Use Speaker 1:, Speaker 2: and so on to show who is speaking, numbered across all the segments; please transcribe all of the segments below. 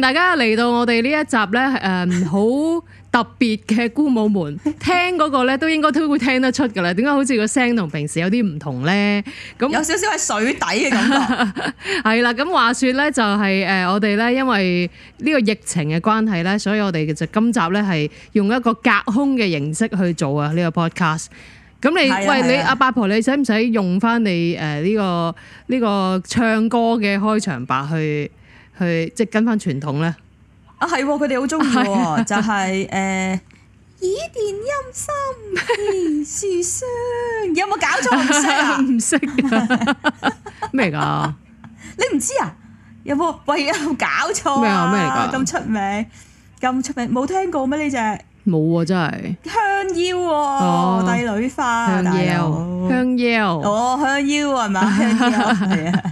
Speaker 1: 大家嚟到我哋呢一集呢，誒、呃、好特別嘅姑母們 聽嗰個咧，都應該都會聽得出噶啦。點解好似個聲同平時有啲唔同呢？咁有少少喺
Speaker 2: 水底嘅感覺。
Speaker 1: 係啦， 咁話説呢就係誒我哋呢，因為呢個疫情嘅關係呢，所以我哋其實今集呢係用一個隔空嘅形式去做啊呢、呢個 podcast。咁你是的 喂，你阿是的 八婆，你使唔使用翻你誒、呢、呢個呢、呢個唱歌嘅開場白去？去即係跟翻傳統咧
Speaker 2: 啊，係佢哋好中意，就係誒耳墊音深，絲絲有冇搞錯唔識啊？唔識咩嚟噶？你唔知啊？有冇？喂，有冇搞錯啊？咩嚟噶？咁出名，咁出名，冇聽過咩呢隻？
Speaker 1: 冇喎，真係香夭喎，帝女花，香夭，香夭，哦，香夭係咪？香夭。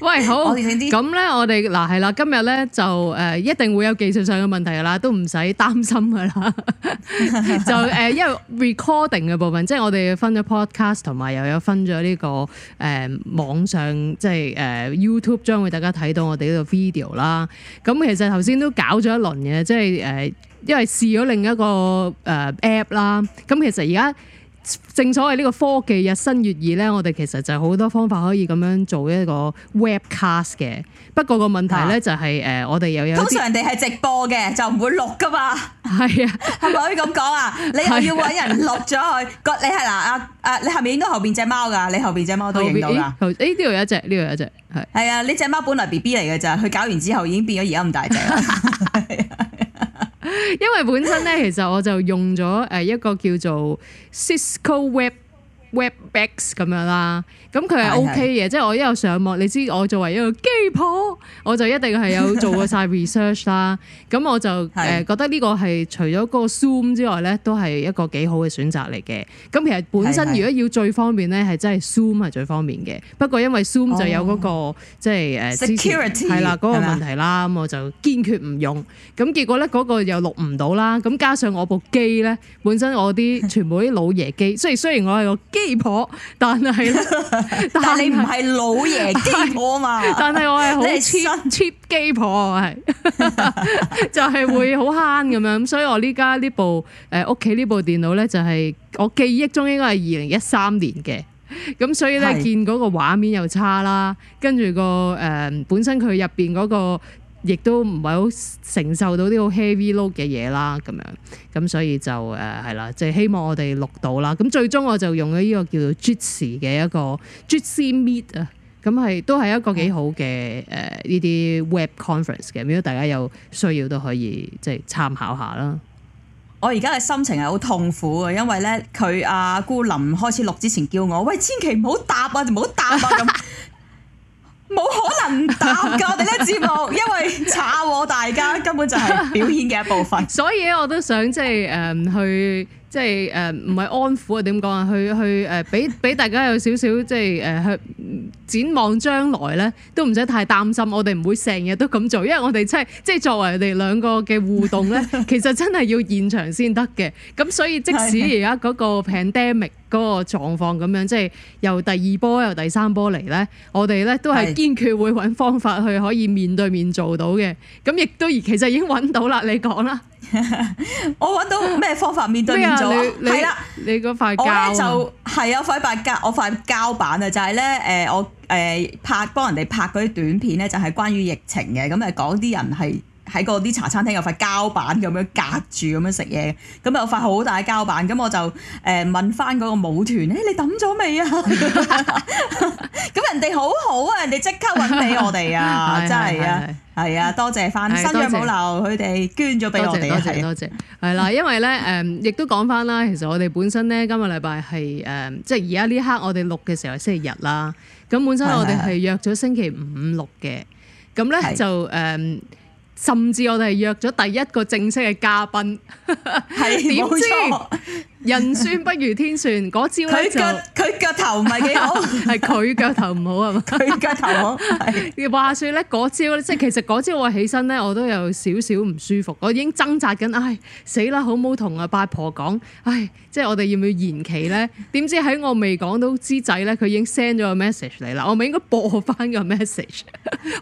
Speaker 1: 喂，好，咁咧， 我哋嗱係啦，今日咧就誒、呃，一定會有技術上嘅問題噶啦，都唔使擔心噶啦。 就誒、呃，因為 recording 嘅部分，即係我哋分咗 podcast，同埋又有分咗呢、這個誒、呃、網上，即係誒、呃、YouTube，將會大家睇到我哋呢個 video 啦。咁、嗯、其實頭先都搞咗一輪嘅，即係誒、呃，因為試咗另一個誒、呃、app 啦。咁、嗯、其實而家。正所謂呢個科技日新月異咧，我哋其實就係好多方法可以咁樣做一個 webcast 嘅。不過個問題咧就係、是、誒，啊、我哋又有通常人哋
Speaker 2: 係直播嘅，就唔會錄噶嘛。係啊，係咪 可以咁講啊？你又要揾人錄咗去？啊、你係嗱啊啊！你係咪影到後邊隻貓㗎？你後邊隻貓都影到㗎？呢度、欸欸、有一隻，呢度有一隻係。係
Speaker 1: 啊，你隻貓本
Speaker 2: 來 BB 嚟嘅咋？佢搞完之後已經變咗而家咁大隻。
Speaker 1: 因為本身咧，其實我就用咗誒一個叫做 Cisco Web。Webex 咁樣啦，咁佢係 OK 嘅，是是即係我一有上網，你知我作為一個機婆，我就一定係有做過晒 research 啦。咁 我就誒是、呃、覺得呢個係除咗個 Zoom 之外咧，都係一個幾好嘅選擇嚟嘅。咁其實本身如果要最方便咧，係真係 Zoom 係最方便嘅。不過因為 Zoom 就有嗰、那個即係誒 security 係啦嗰、那個問題啦，咁嗎我就堅決唔用。咁結果咧嗰個又錄唔到啦。咁加上我部機咧，本身我啲全部啲老爺機，雖然雖然我係個基婆，但係 但係唔係老爺 基婆嘛？但係是 我係好 cheap cheap 基婆，係 就係會好慳咁樣。咁所以我呢、呃、家，呢部誒屋企呢部電腦咧，就係，就係我記憶中應該係二零一三年嘅。咁所以咧，是見嗰個畫面又差啦，跟住，嗰個誒、呃、本身佢入邊嗰個。亦都唔係好承受到啲好 heavy load 嘅嘢啦，咁樣咁所以就誒係啦，即、就、係、是、希望我哋錄到啦。咁最終我就用咗呢個叫做 Jitsi 嘅一個 Jitsi Meet 啊，咁係都係一個幾好嘅誒呢、呃、啲 web conference 嘅，如果大家有需要都可以即係、就是、參考下啦。我而家嘅心情係好痛
Speaker 2: 苦啊，因為咧佢阿 Goo 臨開始錄之前叫我，喂，千祈唔好答啊，就唔好答啊咁。 冇可能答嘅，我哋都節目， 因為炒
Speaker 1: 大家根本就係表演嘅一部分。 所以我都想即係去。即係誒唔係安撫啊？點講啊？去去誒，俾俾大家有少少即係誒去展望將來咧，都唔使太擔心。我哋唔會成日都咁做，因為我哋即係即係作為我哋兩個嘅互動咧，其實真係要現場先得嘅。咁所以即使而家嗰個 pandemic 嗰個狀況咁樣，即係由第二波由第三波嚟咧，我哋咧都係堅決會揾方法去可以面對面做到嘅。咁亦都而其實已經揾到啦。你講啦，我揾到咩方法面對面？你你是的你嗰塊膠我就是，我咧
Speaker 2: 就係有塊白板，我塊膠板啊，就係咧我,呢我,呢我呢拍幫人哋拍嗰啲短片咧，就係關於疫情嘅，咁誒講啲人係。喺嗰啲茶餐廳有塊膠板咁樣隔住咁樣食嘢，咁有塊好大嘅膠板，咁我就誒問翻嗰個舞團咧，你抌咗未啊？咁人哋好好啊，人哋即刻揾俾我哋啊，真係啊，係啊，多謝翻新約舞流佢哋捐
Speaker 1: 咗俾我哋，多謝多謝，係啦，因為咧誒，亦都講翻啦，其實我哋本身咧今日禮拜係誒，即係而家呢刻我哋錄嘅時候係星期日啦，咁本身我哋係約咗星期五六嘅，咁咧就誒。甚至我哋係約咗第一個正式嘅嘉賓係，點 知道？人算不如天算，嗰朝咧就佢腳佢腳頭唔係幾好，係佢 腳頭唔好啊！佢腳頭好， 話説咧嗰朝咧，即係其實嗰朝我起身咧，我都有少少唔舒服，我已經掙扎緊，唉死啦！好唔好？同阿八婆講，唉，即係我哋要唔要延期咧？點 知喺我未講到之際咧，佢已經 send 咗個 message 嚟啦！我咪應該播返個 message，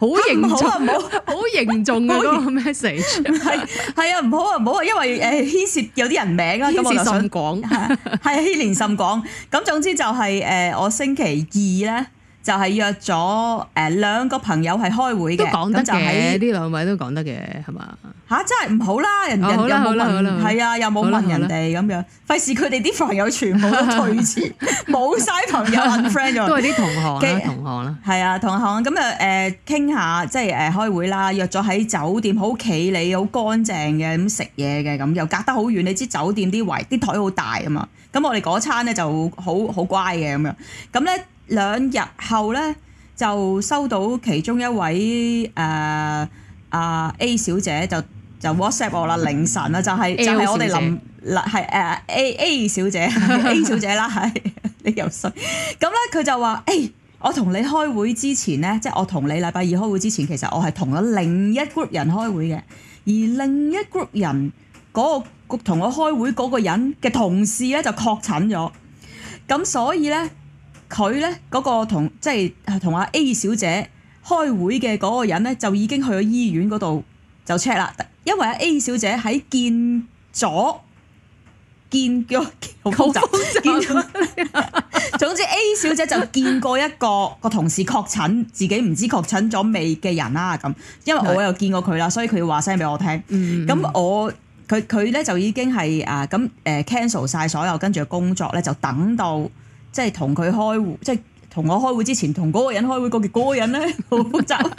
Speaker 1: 好凝重好，好凝重嗰個 message，係，係啊，唔好啊，唔好啊，因為誒、呃、牽涉有啲人名啊，牽涉信果。過
Speaker 2: 係 啊，啊，希蓮甚廣。咁總之就係、是、誒、呃，我星期二咧。就係約咗誒兩個朋友係開會嘅，咁就係呢兩位都講得嘅，
Speaker 1: 係嘛？
Speaker 2: 吓、啊，真係唔、哦、好啦，人哋又冇問，係啊，又冇問人哋咁樣，費事佢哋啲朋友全部都推遲，冇晒 朋友 un friend 咗，都係啲同學，同學啦，係實啊，同學咁啊誒，傾、嗯、下即係誒開會啦，約咗喺酒店好企理、好乾淨嘅咁食嘢嘅咁，又隔得好遠，你知酒店啲圍啲台好大啊嘛，咁我哋嗰餐咧就好好乖嘅咁樣，咁咧。兩日後咧，就收到其中一位誒啊、呃呃、A 小姐就就 WhatsApp 我啦，凌晨啦，就係、是、就係、是、我哋林係誒 A,、呃、A A 小姐 A 小姐啦，係你又衰。咁咧佢就話：誒、欸，我同你開會之前咧，即、就、係、是、我同你禮拜二開會之前，其實我係同咗另一 group 人開會嘅，而另一 group 人嗰個同、那個、我開會嗰個人嘅同事咧就確診咗，咁所以咧。佢咧嗰個同即係同阿 A 小姐開會嘅嗰個人咧，就已經去咗醫院嗰度就 check 啦。因為阿 A 小姐喺見咗見咗，好複雜 總之 A 小姐就見過一個 個同事確診，自己唔知確診咗未嘅人啦。咁因為我又見過佢啦，所以佢要話聲俾我聽。咁的我，佢佢咧就已經係啊咁誒、呃、cancel 晒所有跟住嘅工作咧，就等到。即係同佢開會，即係同我開會之前，同嗰個人開會，嗰個嗰個人咧好複雜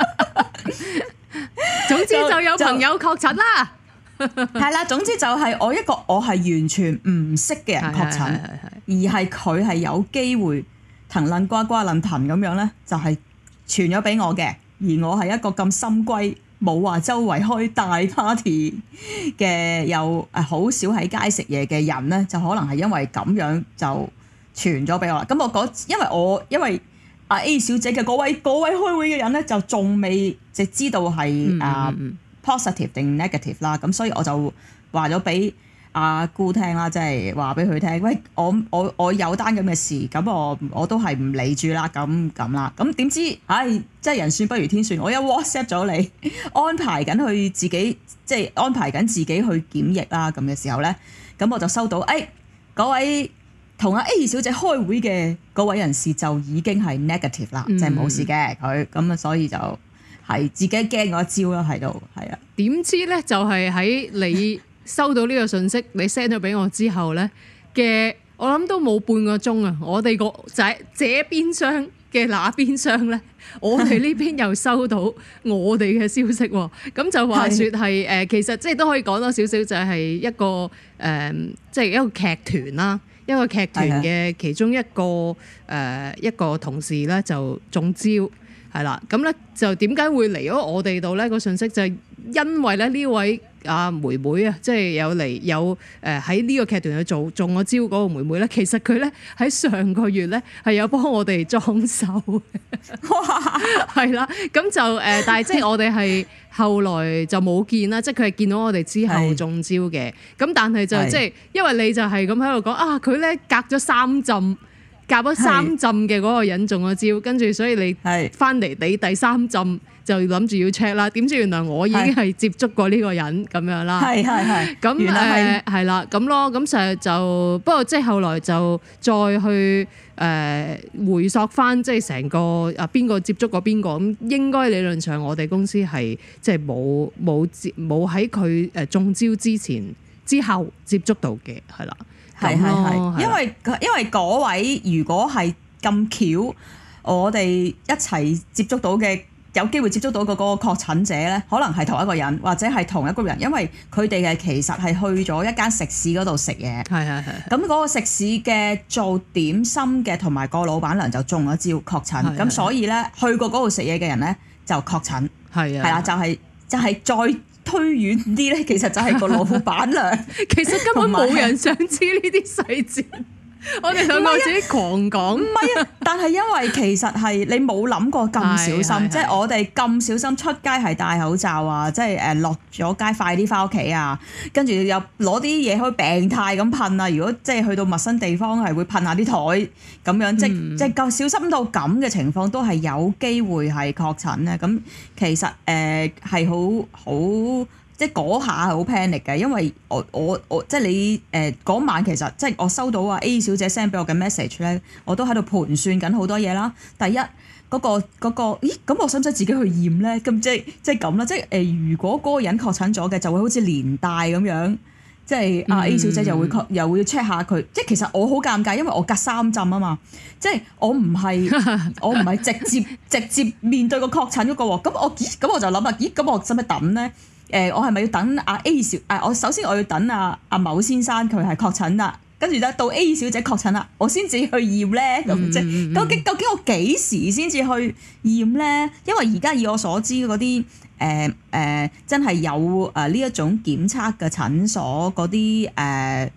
Speaker 1: 總之就有朋友確
Speaker 2: 診啦，係啦。總之就係我一個我係完全唔識嘅人確診，而係佢係有機會騰楞呱呱楞騰咁樣咧，就係、係、傳咗畀我嘅。而我係一個咁深閨冇話周圍開大 party 嘅，又誒好少喺街食嘢嘅人咧，就可能係因為咁樣就。傳咗俾我啦，咁我嗰因為我因為阿 A 小姐嘅嗰位嗰位開會嘅人咧，就仲未即知道係、嗯、啊 positive 定 negative 啦，咁所以我就話咗俾阿姑聽啦，即係話俾佢聽，喂，我我我有單咁嘅事，咁我我都係唔理住啦，咁咁啦，咁點知，唉、哎，即係人算不如天算，我一 WhatsApp 咗你安排緊去自己去，即係安排緊自己去檢疫啦，咁嘅時候咧，咁我就收到，唉、哎，嗰位。同阿 A 小姐開會嘅嗰位人士就已經係 negative
Speaker 1: 啦，嗯、即係冇事嘅佢，咁啊所以就係自己驚嗰一招啦，喺度，係啊。點知咧就係喺你收到呢個信息， 你 send 咗俾我之後咧嘅，我諗都冇半個鐘啊！我哋個仔這邊廂嘅那邊廂咧。 我哋呢邊又收到我哋嘅消息，咁就話説係誒，是的 其實即係都可以講多少少，就係、是、一個誒，即、呃、係、就是、一個劇團啦，一個劇團嘅其中一個誒、呃、一個同事咧就中招，係啦，咁咧就點解會嚟咗我哋度咧？個信息就係因為咧呢位。啊妹妹啊，即係有嚟有誒喺呢個劇團去做中咗招嗰個妹妹咧，其實佢咧喺上個月咧係有幫我哋裝修，哇，係啦，咁就誒，但係即係我哋係後來就冇見啦，即係佢係見到我哋之後中招嘅，咁是的 但係就即係是的 因為你就係咁喺度講啊，佢咧隔咗三浸，隔咗三浸嘅嗰個人中咗招，是的 跟住所以你係翻嚟俾第三浸。就諗住要 check 啦，點知原來我已經係接觸過呢個人咁樣啦。係係係。咁係係啦，咁咯，咁就就不過即係後來就再去誒回溯返，即係成個啊邊個接觸過邊個咁，應該理論上我哋公司係即係冇冇接冇喺佢誒中招之前之後接觸到嘅，係啦。係係係。因為因為嗰位如果係咁巧，我哋
Speaker 2: 一齊接觸到嘅。有機會接觸到嗰個確診者咧，可能係同一個人或者係同一 group 人，因為佢哋係其實係去咗一間食肆嗰度食嘢。係係係。咁嗰個食肆嘅做點心嘅同埋個老闆娘就中咗招確診，咁係啊所以咧去過嗰度食嘢嘅人咧就確診。係啊，係啊，就係就係再推遠啲咧，其實就係個老闆娘。
Speaker 1: 其實根本冇人
Speaker 2: 想知呢啲
Speaker 1: 細節。 我哋想我自己
Speaker 2: 狂講，唔係啊！ 但係因為其實係你冇諗過咁小心，即係是我哋咁小心出街係戴口罩啊，即係誒落咗街快啲翻屋企啊，跟住又攞啲嘢去病態咁噴啊！如果即係去到陌生地方係會噴下啲台咁樣，即即夠小心到咁嘅情況都係有機會係確診咧、啊。咁其實誒係好好。即嗰下係好 panic 嚟嘅，因為我我我即係你誒、呃、晚其實即係我收到啊 A 小姐 send 俾我嘅 message 咧，我都喺度盤算緊好多嘢啦。第一嗰、嗰個、嗰個、咦咁我使唔使自己去驗咧？咁即係即係咁啦。即係誒、呃，如果嗰個人確診咗嘅，就會好似連帶咁樣，即係啊、嗯、A 小姐就會確又會 check 下佢。即係其實我好尷尬，因為我隔三浸啊嘛，即係我唔係 我唔係直接直接面對個確診嗰、嗰個喎。咁我咁我就諗啊，咦咁我使唔使揼咧？誒、呃，我係咪要等阿 A 小？誒、哎，我首先我要等阿、啊、阿某先生佢係確診啦，跟住就到 A 小姐確診啦，我先至去驗咧，咁即、嗯嗯、究竟究竟我幾時先至去驗咧？因為而家以我所知嗰啲誒誒，真係有誒呢一種檢測嘅診所嗰啲誒，佢、呃、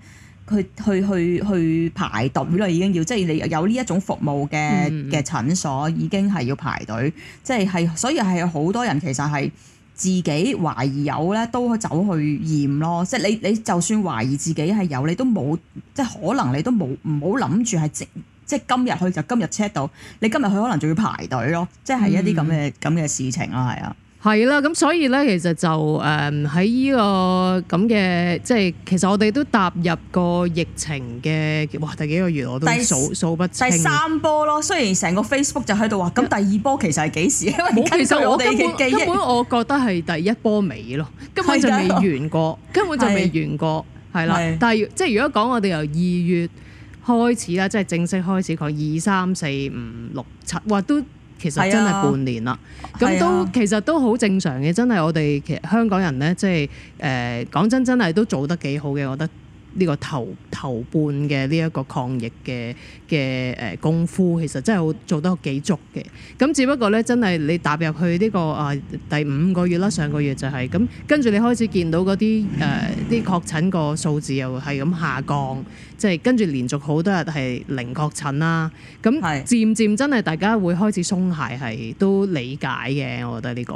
Speaker 2: 去去去、去排隊啦，已經要即係你有呢一種服務嘅嘅診所已經係要排隊，即係係所以係好多人其實係。自己懷疑有咧，都走去驗咯。即係你你就算懷疑自己係有，你都冇即係可能，你都冇唔好諗住係即即係今日去就今日 check 到。你今日去可能仲要排隊咯。即係一啲咁嘅咁嘅事情咯，係啊。
Speaker 1: 係啦，咁所以咧、這個，其實就誒喺呢個咁嘅，即係其實我哋都踏入過疫情嘅，哇！第幾個月我都數第數不清。第
Speaker 2: 三波咯，雖然成個 Facebook 就喺度話，
Speaker 1: 咁 第二波其實係幾時？ 因為其實我哋嘅記憶，我覺得係第一波尾咯，根本就未完過，的根本就未完過，係啦。但係即係如果講我哋由二月開始啦，即、就、係、是、正式開始講二三四五六七，哇都～其實真係半年啦，咁都、啊、其實都好正常嘅，真係我哋其實香港人咧，即係誒講真，真係都做得幾好嘅，我覺得呢個頭頭半嘅呢一個抗疫嘅嘅誒功夫其實真係好做得幾足嘅，咁只不過咧，真係你踏入去呢個啊第五個月啦，上個月就係咁，跟住你開始見到嗰啲誒啲確診個數字又係咁下降，即係跟住連續好多日係零確診啦，咁漸漸真係大家會開始鬆懈，係都理解嘅，我覺得呢個，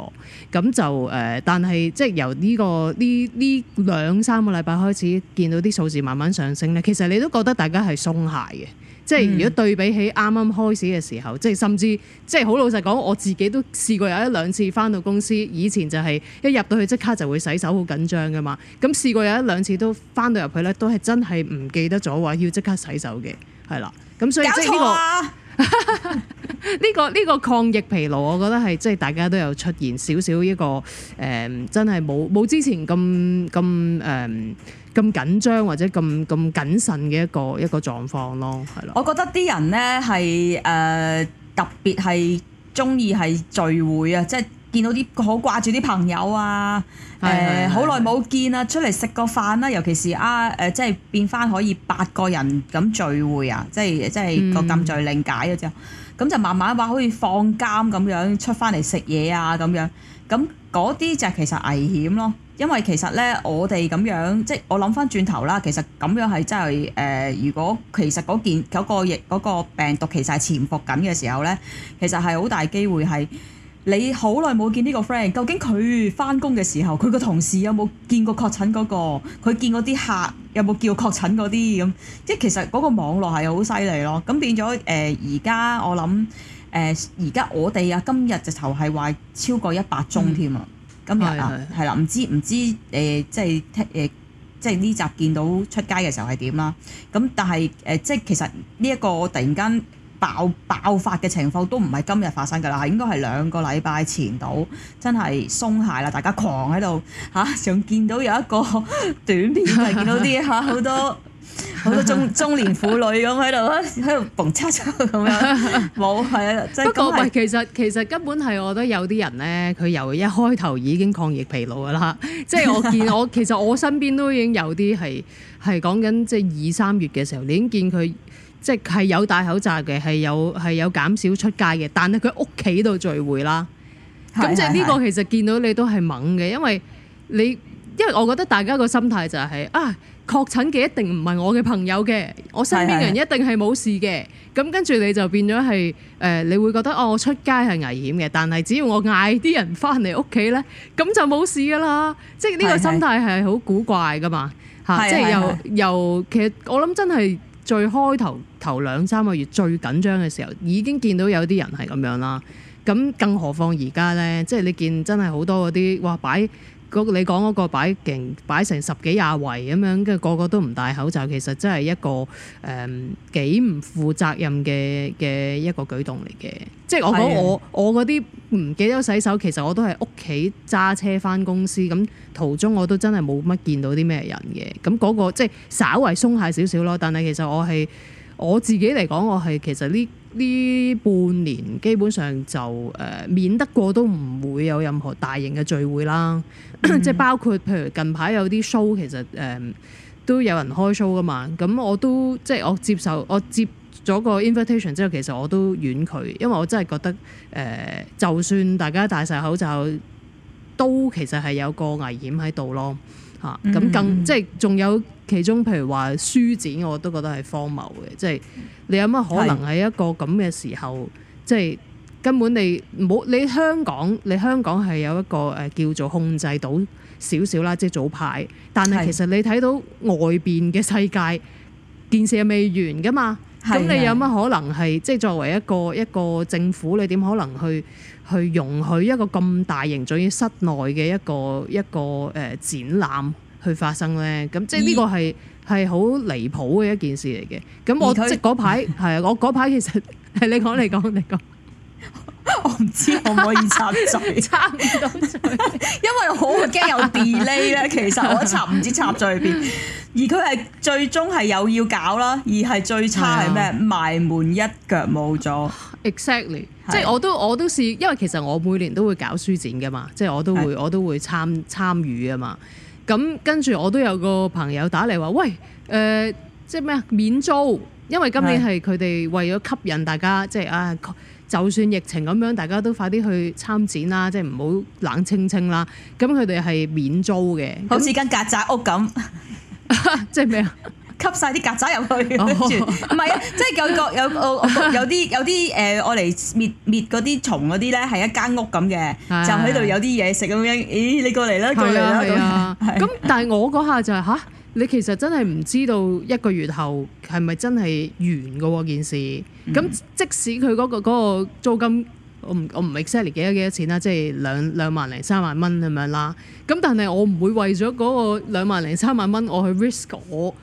Speaker 1: 咁就誒，但係即係由呢個呢呢兩三個禮拜開始見到啲數字慢慢上升咧，其實你都覺得大家係鬆懈嘅。即係如果對比起啱啱開始嘅時候，即係甚至即係好老實講，我自己都試過有一兩次返到公司，以前就係一入到去即刻就會洗手，好緊張㗎嘛。咁試過有一兩次都返到入去咧，都係真係唔記得咗話要即刻洗手嘅，係啦。咁所以即係呢、呢個呢、啊 呢個呢、呢個抗疫疲勞，我覺得係即係大家都有出現少少一個誒、嗯，真係冇冇之前咁咁誒。咁緊張或者咁咁謹慎嘅一個一個狀況咯，係咯。我
Speaker 2: 覺得啲人咧係誒特別係鍾意係聚會啊，即係見到啲好掛住啲朋友啊，誒好耐冇見啊，出嚟食個飯啦，尤其是啊誒、呃，即係變翻可以八個人咁聚會啊，即係即係個禁聚令解咗之後，咁、嗯、就慢慢話好似放監咁樣出翻嚟食嘢啊咁樣，咁嗰啲就其實危險咯。因為其實咧，我哋咁樣，即係我諗翻轉頭啦。其實咁樣係真係誒，如果其實嗰件嗰、嗰個疫嗰、嗰個、病毒其實係潛伏緊嘅時候咧，其實係好大機會係你好耐冇見呢個 friend。究竟佢翻工嘅時候，佢個同事有冇見過確診嗰個？佢見嗰啲客有冇叫確診嗰啲咁？即係其實嗰個網絡係好犀利咯。咁變咗誒，而、呃、家我諗誒，而、呃、家我哋啊，今日直頭係話超過一百宗添啊！嗯今日啊，係啦是的，唔知唔知誒，即係聽、呃、即係呢集見到出街嘅時候係點啦？咁但係誒、呃，即係其實呢一個突然間爆爆發嘅情況，都唔係今日發生㗎喇，應該係兩個禮拜前到，真係鬆懈啦，大家狂喺度嚇，仲、啊、見到有一個短片，係見到啲嚇好多。好多中中年婦女咁喺度喺度蹦啾啾咁樣，冇係啊！真係。不過其
Speaker 1: 實其實根本係我覺得有啲人咧，佢由一開頭已經抗疫疲勞㗎喇，即係我見我其實我身邊都已經有啲係係講緊即係二三月嘅時候你已經見佢即係係有戴口罩嘅，係有係有減少出街嘅，但係佢屋企度聚會啦。咁即係呢個其實見到你都係猛嘅，因為你因為我覺得大家個心態就係、是、啊。確診嘅一定唔係我嘅朋友嘅，我身邊嘅人一定係冇事嘅。咁是是 跟住你就變咗係誒，你會覺得哦，出街係危險嘅，但係只要我嗌啲人返嚟屋企咧，咁就冇事噶啦。是是即係呢個心態係好古怪噶嘛，嚇是是！即係又又其實我諗真係最開頭頭兩三個月最緊張嘅時候，已經見到有啲人係咁樣啦。咁更何況而家咧，即係你見真係好多嗰啲哇擺。你講嗰個擺勁擺成十幾廿圍咁樣，跟住個個都唔戴口罩，其實真係一個誒幾唔負責任嘅嘅一個舉動嚟嘅。即係的我講我我嗰啲唔記得洗手，其實我都係屋企揸車返公司咁途中我都真係冇乜見到啲咩人嘅。咁、那、嗰個即係、就是、稍為鬆懈少少咯，但係其實我係我自己嚟講，我係其實呢。呢半年基本上就誒、呃、免得過都唔會有任何大型嘅聚會啦，即係 包括譬如近排有啲 show 其實誒、呃、都有人開 show 噶嘛，咁我都即係我接受我接咗個 invitation 之後其實我都婉拒，因為我真係覺得誒、呃，就算大家戴晒口罩，都其實係有個危險喺度咯嚇，咁更即係仲有。 其中，譬如話書展，我都覺得係荒謬嘅，即係你有乜可能喺一個咁嘅時候，是的 即係根本你冇你香港，你香港係有一個誒叫做控制到少少啦，即係早排。但係其實你睇到外邊嘅世界電視係未完噶嘛，咁是的 你有乜可能係即係作為一個一個政府，你點可能去去容許一個咁大型，仲要室內嘅一個一個誒展覽。去發生咧，咁即係呢個係係好離譜嘅一件事嚟嘅。咁我即嗰排係啊，我嗰排其實係你講你講你講， 我唔知可唔可以插嘴？插唔到嘴， 因為好驚有 delay 咧。其實我插唔知插咗喺邊。
Speaker 2: 而佢係最終係有要搞啦，
Speaker 1: 而係最差係咩？ 埋門一腳冇咗。Exactly，是即係我都我都試，因為其實我每年都會搞書展嘅嘛，即係我都會、欸、我都會參參與啊嘛。咁跟住我都有個朋友打嚟話，喂，誒、呃，即係咩啊？免租，因為今年係佢哋為咗吸引大家，是即係啊，就算疫情咁樣，大家都快啲去參展啦，即係唔好冷清清啦。咁佢哋係免租嘅，好似間
Speaker 2: 曱甴屋咁，
Speaker 1: 即係咩啊？ 吸曬啲曱甴入去，
Speaker 2: 唔係啊，即係有個有哦，有啲有啲誒，我嚟滅滅嗰啲蟲嗰啲咧，係一間屋咁嘅，就喺度有啲嘢食咁樣。咦，你過嚟啦，過嚟啦，咁。
Speaker 1: 咁但係我嗰下就係嚇你，其實真係唔知道一個月後係咪真係完噶喎？件事咁，即使佢嗰個嗰個租金，我唔我唔 exactly 幾多幾多錢啦，即係兩兩萬零三萬蚊咁樣啦。咁但係我唔會為咗嗰個兩萬零三萬蚊，我去 risk 我。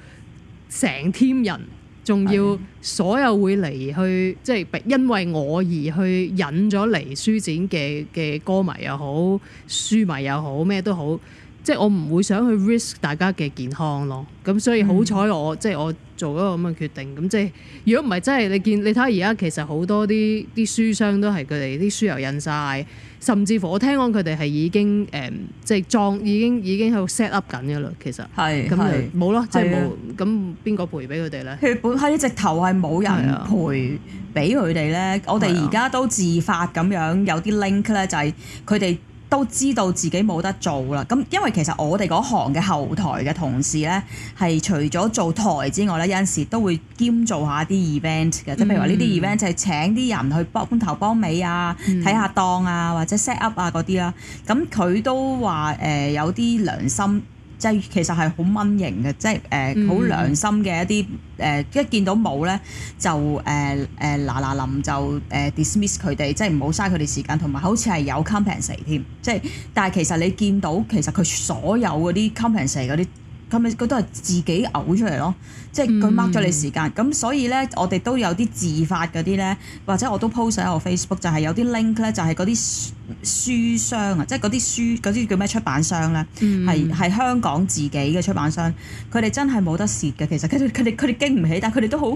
Speaker 1: 成 team 人，仲要所有會嚟去，即係因為我而去引咗嚟書展嘅嘅歌迷又好，書迷又好，咩都好，即係我唔會想去 risk 大家嘅健康咯。咁所以好彩我、嗯、即係我做咗個咁嘅決定。咁即係如果唔係，真係你見你睇下而家其實好多啲啲書商都係佢哋啲書由印晒。甚至乎我聽講佢哋係已經誒、嗯，即係裝已經已經喺度 set up 緊嘅啦。其實係，咁咪冇咯，的即係冇。咁邊個賠俾佢哋咧？血
Speaker 2: 本喺直頭係冇人賠俾佢哋咧。我哋而家都自發咁樣有啲 link 咧，就係佢哋都知道自己冇得做啦，咁因為其實我哋嗰行嘅後台嘅同事咧，係除咗做台之外咧，有陣時都會兼做下啲 event 嘅，即係、嗯、譬如話呢啲 event 就係請啲人去幫頭幫尾啊，睇下檔啊，或者 set up 啊嗰啲啦。咁、嗯、佢都話誒、呃、有啲良心。即係其實係好蚊型嘅，即係誒好良心嘅一啲誒、呃，一見到冇咧就誒誒嗱嗱臨就誒 dismiss 佢哋，即係唔好嘥佢哋時間，同埋好似係有 compensate 添，即係但係其實你見到其實佢所有嗰啲 compensate 嗰啲。佢咪佢都係自己嘔出嚟咯，即係佢 mark 咗你時間，咁、嗯、所以咧，我哋都有啲自發嗰啲咧，或者我都 post 喺我 Facebook 就係有啲 link 咧，就係嗰啲書商啊，即係嗰啲書嗰啲叫咩出版商咧，係係、嗯、香港自己嘅出版商，佢哋真係冇得蝕嘅，其實佢哋佢哋佢哋經唔起，但係佢哋都好，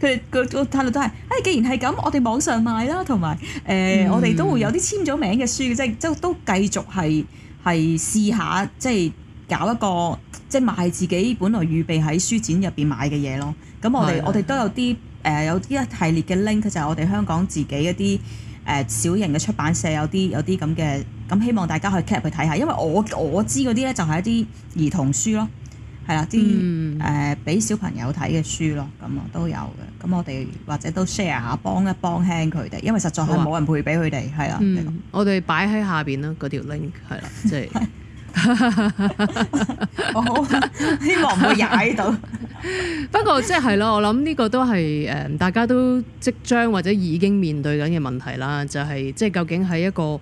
Speaker 2: 佢哋個態度都係，哎，既然係咁，我哋網上賣啦，同埋誒我哋都會有啲簽咗名嘅書，即係即都繼續係係試下即係。搞一個即係賣自己本來預備喺書展入邊買嘅嘢咯。咁我哋的我哋都有啲誒、呃、有啲一系列嘅 link，就係我哋香港自己一啲誒小型嘅出版社有啲有啲咁嘅。咁希望大家去 cap 去睇下，因為我我知嗰啲咧就係一啲兒童書咯，係啦，啲誒俾小朋友睇嘅書咯，咁啊都有嘅。咁我哋或者都 share 下，幫一幫 h 佢哋，因為實在係冇人配俾佢哋，
Speaker 1: 係啦、啊。嗯、我哋擺喺下邊啦，嗰條 link 係啦，即係。哈好， 我希望唔會踩到。不過即係係咯，我諗呢個都係誒，大家都即將或者已經面對緊嘅問題啦，就係即係究竟喺一個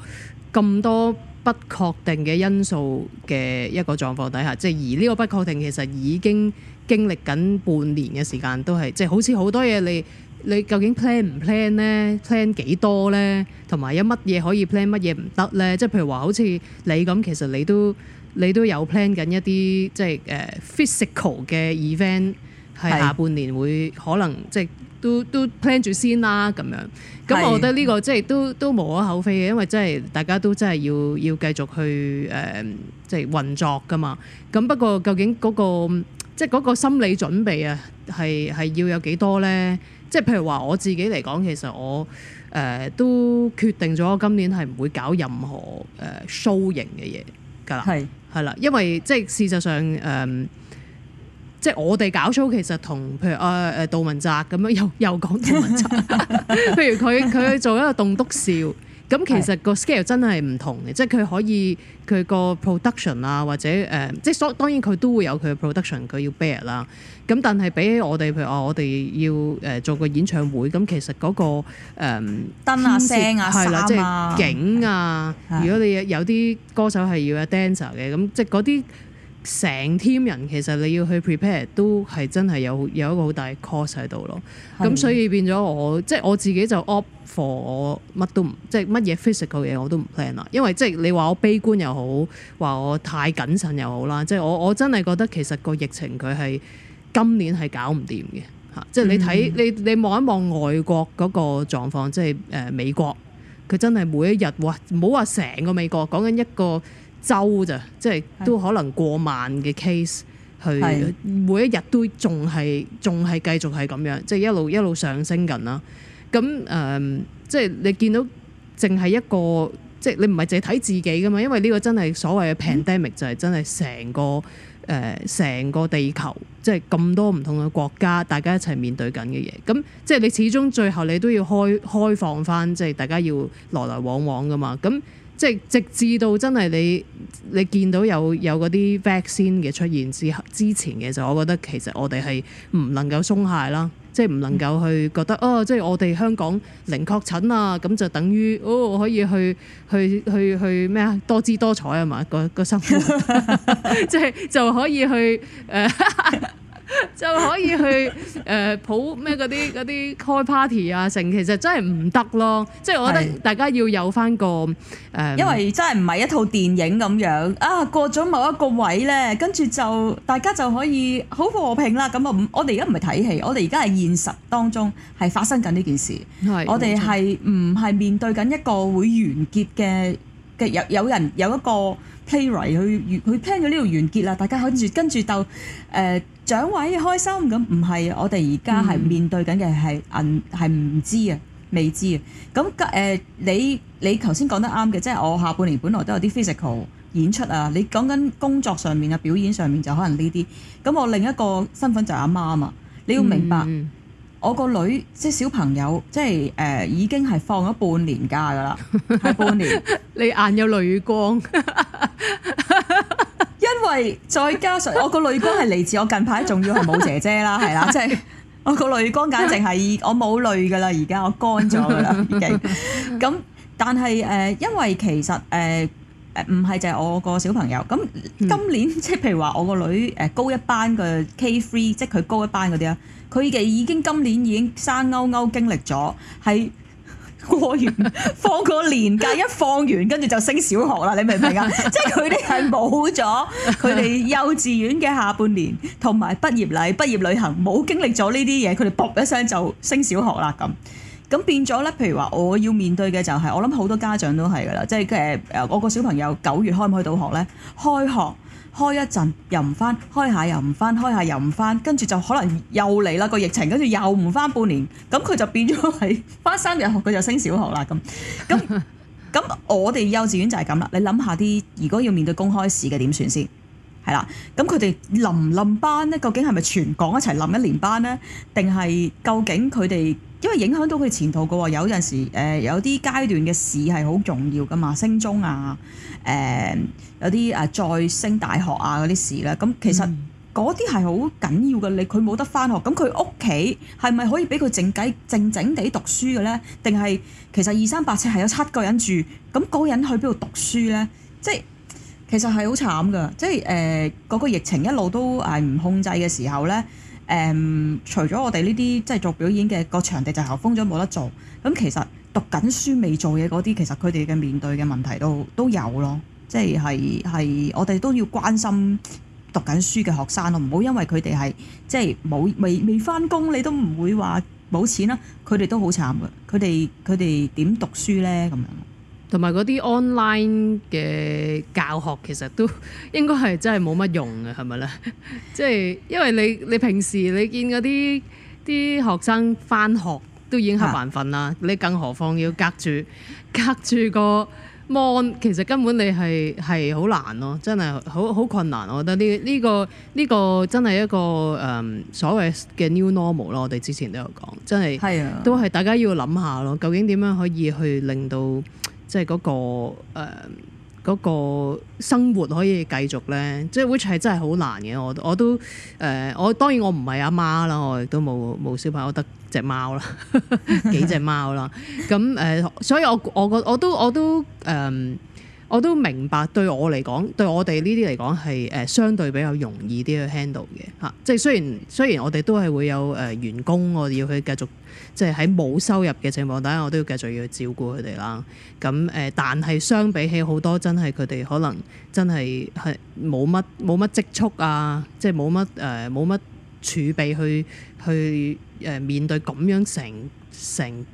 Speaker 1: 咁多不確定嘅因素嘅一個狀況底下，即係而呢個不確定其實已經經歷緊半年嘅時間，都係即係好似好多嘢你。你究竟 plan 唔 plan 咧？plan 幾多咧？同埋有乜嘢可以 plan，乜嘢唔得咧？即係譬如話，好似你咁，其實你都你都有 plan 緊一啲即係誒、uh, physical 嘅 event 係係下半年會可能即係都都 plan 住先啦。咁樣咁，係我覺得呢、呢個即係都都無可厚非嘅，因為即係大家都真係要要繼續去誒即係運作噶嘛。咁不過究竟嗰、嗰個即係嗰個心理準備啊，係係要有幾多咧？即係譬如話我自己嚟講，其實我誒、呃、都決定咗，我今年係唔會搞任何誒騷型嘅嘢㗎啦，係係啦，因為即係事實上誒、呃，即係我哋搞騷其實同譬如阿誒杜汶澤咁樣又又講杜汶澤，汶澤 譬如佢佢去做一個棟篤笑。咁其實個 scale 真係唔同嘅，即係佢可以佢個 production 啊，或者誒、呃，即係所當然佢都會有佢嘅 production，佢要 bear 啦。咁但係比起我哋，譬如話我哋要誒做個演唱會，咁其實嗰、那個誒、呃、燈啊、節聲啊、係啦對、即係景啊，的如果你有啲歌手係要有 dancer 嘅，咁即係嗰啲。成 team 人其實你要去 prepare 都係真係有有一個好大 cost 喺度咯，咁是的 所以變咗我即係、就是、我自己就 opt for 我乜都唔即係乜嘢 physical 嘢我都唔 plan 啦，因為即係你話我悲觀又好，話我太謹慎又好啦，即係我我真係覺得其實個疫情佢係今年係搞唔掂嘅嚇，即係你睇、嗯、你你望一望外國嗰個狀況，即係誒美國，佢真係每一日哇，唔好話成個美國，講緊一個。周咋，即係都可能過萬嘅 case，去是的 每一日都仲係仲係繼續係咁樣，即係一路一路上升緊啦。咁誒、呃，即係你見到淨係一個，即係你唔係淨係睇自己噶嘛？因為呢個真係所謂嘅 pandemic、嗯、就係真係成個誒成、呃、個地球，即係咁多唔同嘅國家，大家一齊面對緊嘅嘢。咁即係你始終最後你都要開開放翻，即係大家要來來往往噶嘛。咁即係直至到真係你你見到有有嗰啲 vaccine 嘅出現之之前嘅時候，我覺得其實我哋係唔能夠鬆懈啦，即係唔能夠去覺得哦，即係我哋香港零確診啊，咁就等於哦可以去去去去咩啊多姿多彩啊嘛個個生活，即 係就，就可以去誒。呃 就可以去誒抱咩嗰啲嗰啲開 party 啊成，其實真係唔得咯，即係我覺得大家要有翻個誒，嗯、因為真係唔係一套電影咁樣啊過咗某一個位
Speaker 2: 咧，跟住就大家就可以好和平啦。咁啊，我哋而家唔係睇戲，我哋而家係現實當中係發生緊呢件事，是我哋係唔係面對緊一個會完結嘅？有人有一個 play 去去聽咗呢度完結啦，大家跟住跟住鬥誒獎、呃、位開心咁，唔係我哋而家係面對緊嘅係係唔知啊，未知啊。咁誒、呃、你你頭先講得啱嘅，即係我下半年本來都有啲 physical 演出啊。你講緊工作上面啊，表演上面就可能呢啲。咁我另一個身份就係阿媽啊嘛，你要明白。嗯我個女，即小朋友，即係誒、呃、已經係放咗半年假噶啦，係
Speaker 1: 半年。你眼有淚光， 因
Speaker 2: 為再加上我個淚光係嚟自我近排，仲要係冇姐姐啦，係啦， 即係我個淚光簡直係我冇淚噶啦，而家我乾咗噶啦，已經了了。咁 但係誒、呃，因為其實誒誒唔係就係我個小朋友。咁今年即 譬如話我個女誒高一班嘅 K three，即佢高一班嗰啲啊。佢哋已經今年已經生勾勾經歷咗，係過完放個年假，一放完跟住就升小學啦！你明唔明啊？ 即係佢哋係冇咗佢哋幼稚園嘅下半年同埋畢業禮、畢業旅行，冇經歷咗呢啲嘢，佢哋噏一聲就升小學啦咁。咁變咗咧，譬如話，我要面對嘅就係、是，我諗好多家長都係噶啦，即係誒我個小朋友九月開唔開到學咧？開學。開一陣又唔返；開下又唔返；開下又唔返。跟住就可能又嚟啦個疫情，跟住又唔返半年，咁佢就變咗係返三日學，佢就升小學啦咁，咁咁我哋幼稚園就係咁啦，你諗下啲如果要面對公開試嘅點算先？係啦，咁佢哋冧唔冧班咧？究竟係咪全港一齊冧一年班咧？定係究竟佢哋因為影響到佢前途嘅話，有陣時誒、呃、有啲階段嘅事係好重要㗎嘛，升中啊誒、呃、有啲誒、呃、再升大學啊嗰啲事咧，咁其實嗰啲係好緊要嘅。你佢冇得返學，咁佢屋企係咪可以俾佢靜計靜靜地讀書嘅咧？定係其實二三百尺係有七個人住，咁、那、嗰個人去邊度讀書咧？即係。其實係好慘㗎，即係誒嗰個疫情一路都誒唔控制嘅時候咧，誒、呃、除咗我哋呢啲即係做表演嘅個場地就封咗冇得做，咁其實讀緊書未做嘢嗰啲，其實佢哋嘅面對嘅問題都都有咯，即係係係我哋都要關心讀緊書嘅學生咯，唔好因為佢哋係即係冇未未返工，你都唔會話冇錢啦。佢哋都好慘嘅，佢哋佢哋點讀書咧咁樣？
Speaker 1: 同埋嗰啲 online 嘅教學其實都應該係真係冇乜用嘅，係咪呢？即 係因為你你平時你見嗰啲啲學生返學都已經瞌眼瞓啦，啊、你更何況要隔住隔住個 mon 其實根本你係係好難咯，真係好好困難。我覺得呢、呢、呢個呢、呢個真係一個誒、嗯、所謂嘅 new normal 咯。我哋之前都有講，真係、啊、都係大家要諗下咯，究竟點樣可以去令到？即係嗰、嗰個誒、呃嗰個、生活可以繼續咧，即係 which 係真係好難嘅。我我都誒、呃，我當然我唔係阿媽啦，我亦都冇冇小朋友，得隻隻貓啦， 幾隻貓啦。咁誒、呃，所以我我個我都我都誒、呃，我都明白對我嚟講，對我哋呢啲嚟講係誒相對比較容易啲去 handle 嘅嚇。即係雖然雖然我哋都係會有誒員工，我哋要去繼續。即係喺冇收入嘅情況底下，我都要繼續要照顧佢哋啦。咁誒、呃，但係相比起好多真係佢哋可能真係係冇乜冇乜積蓄啊，即係冇乜誒冇乜儲備去去誒、呃、面對咁樣成成。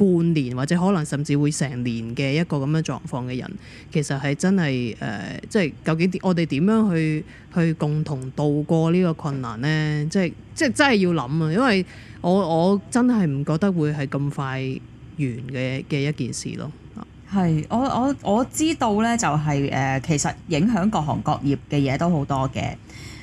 Speaker 1: 半年或者可能甚至會成年嘅一個咁嘅狀況嘅人，其實係真係誒、呃、即係究竟我哋點樣去去共同度過呢個困難咧？即係即係真係要諗啊！因為我我真係唔覺得會係咁快完嘅嘅一件事咯。
Speaker 2: 係我我我知道咧、就是，就係誒其實影響各行各業嘅嘢都好多嘅誒、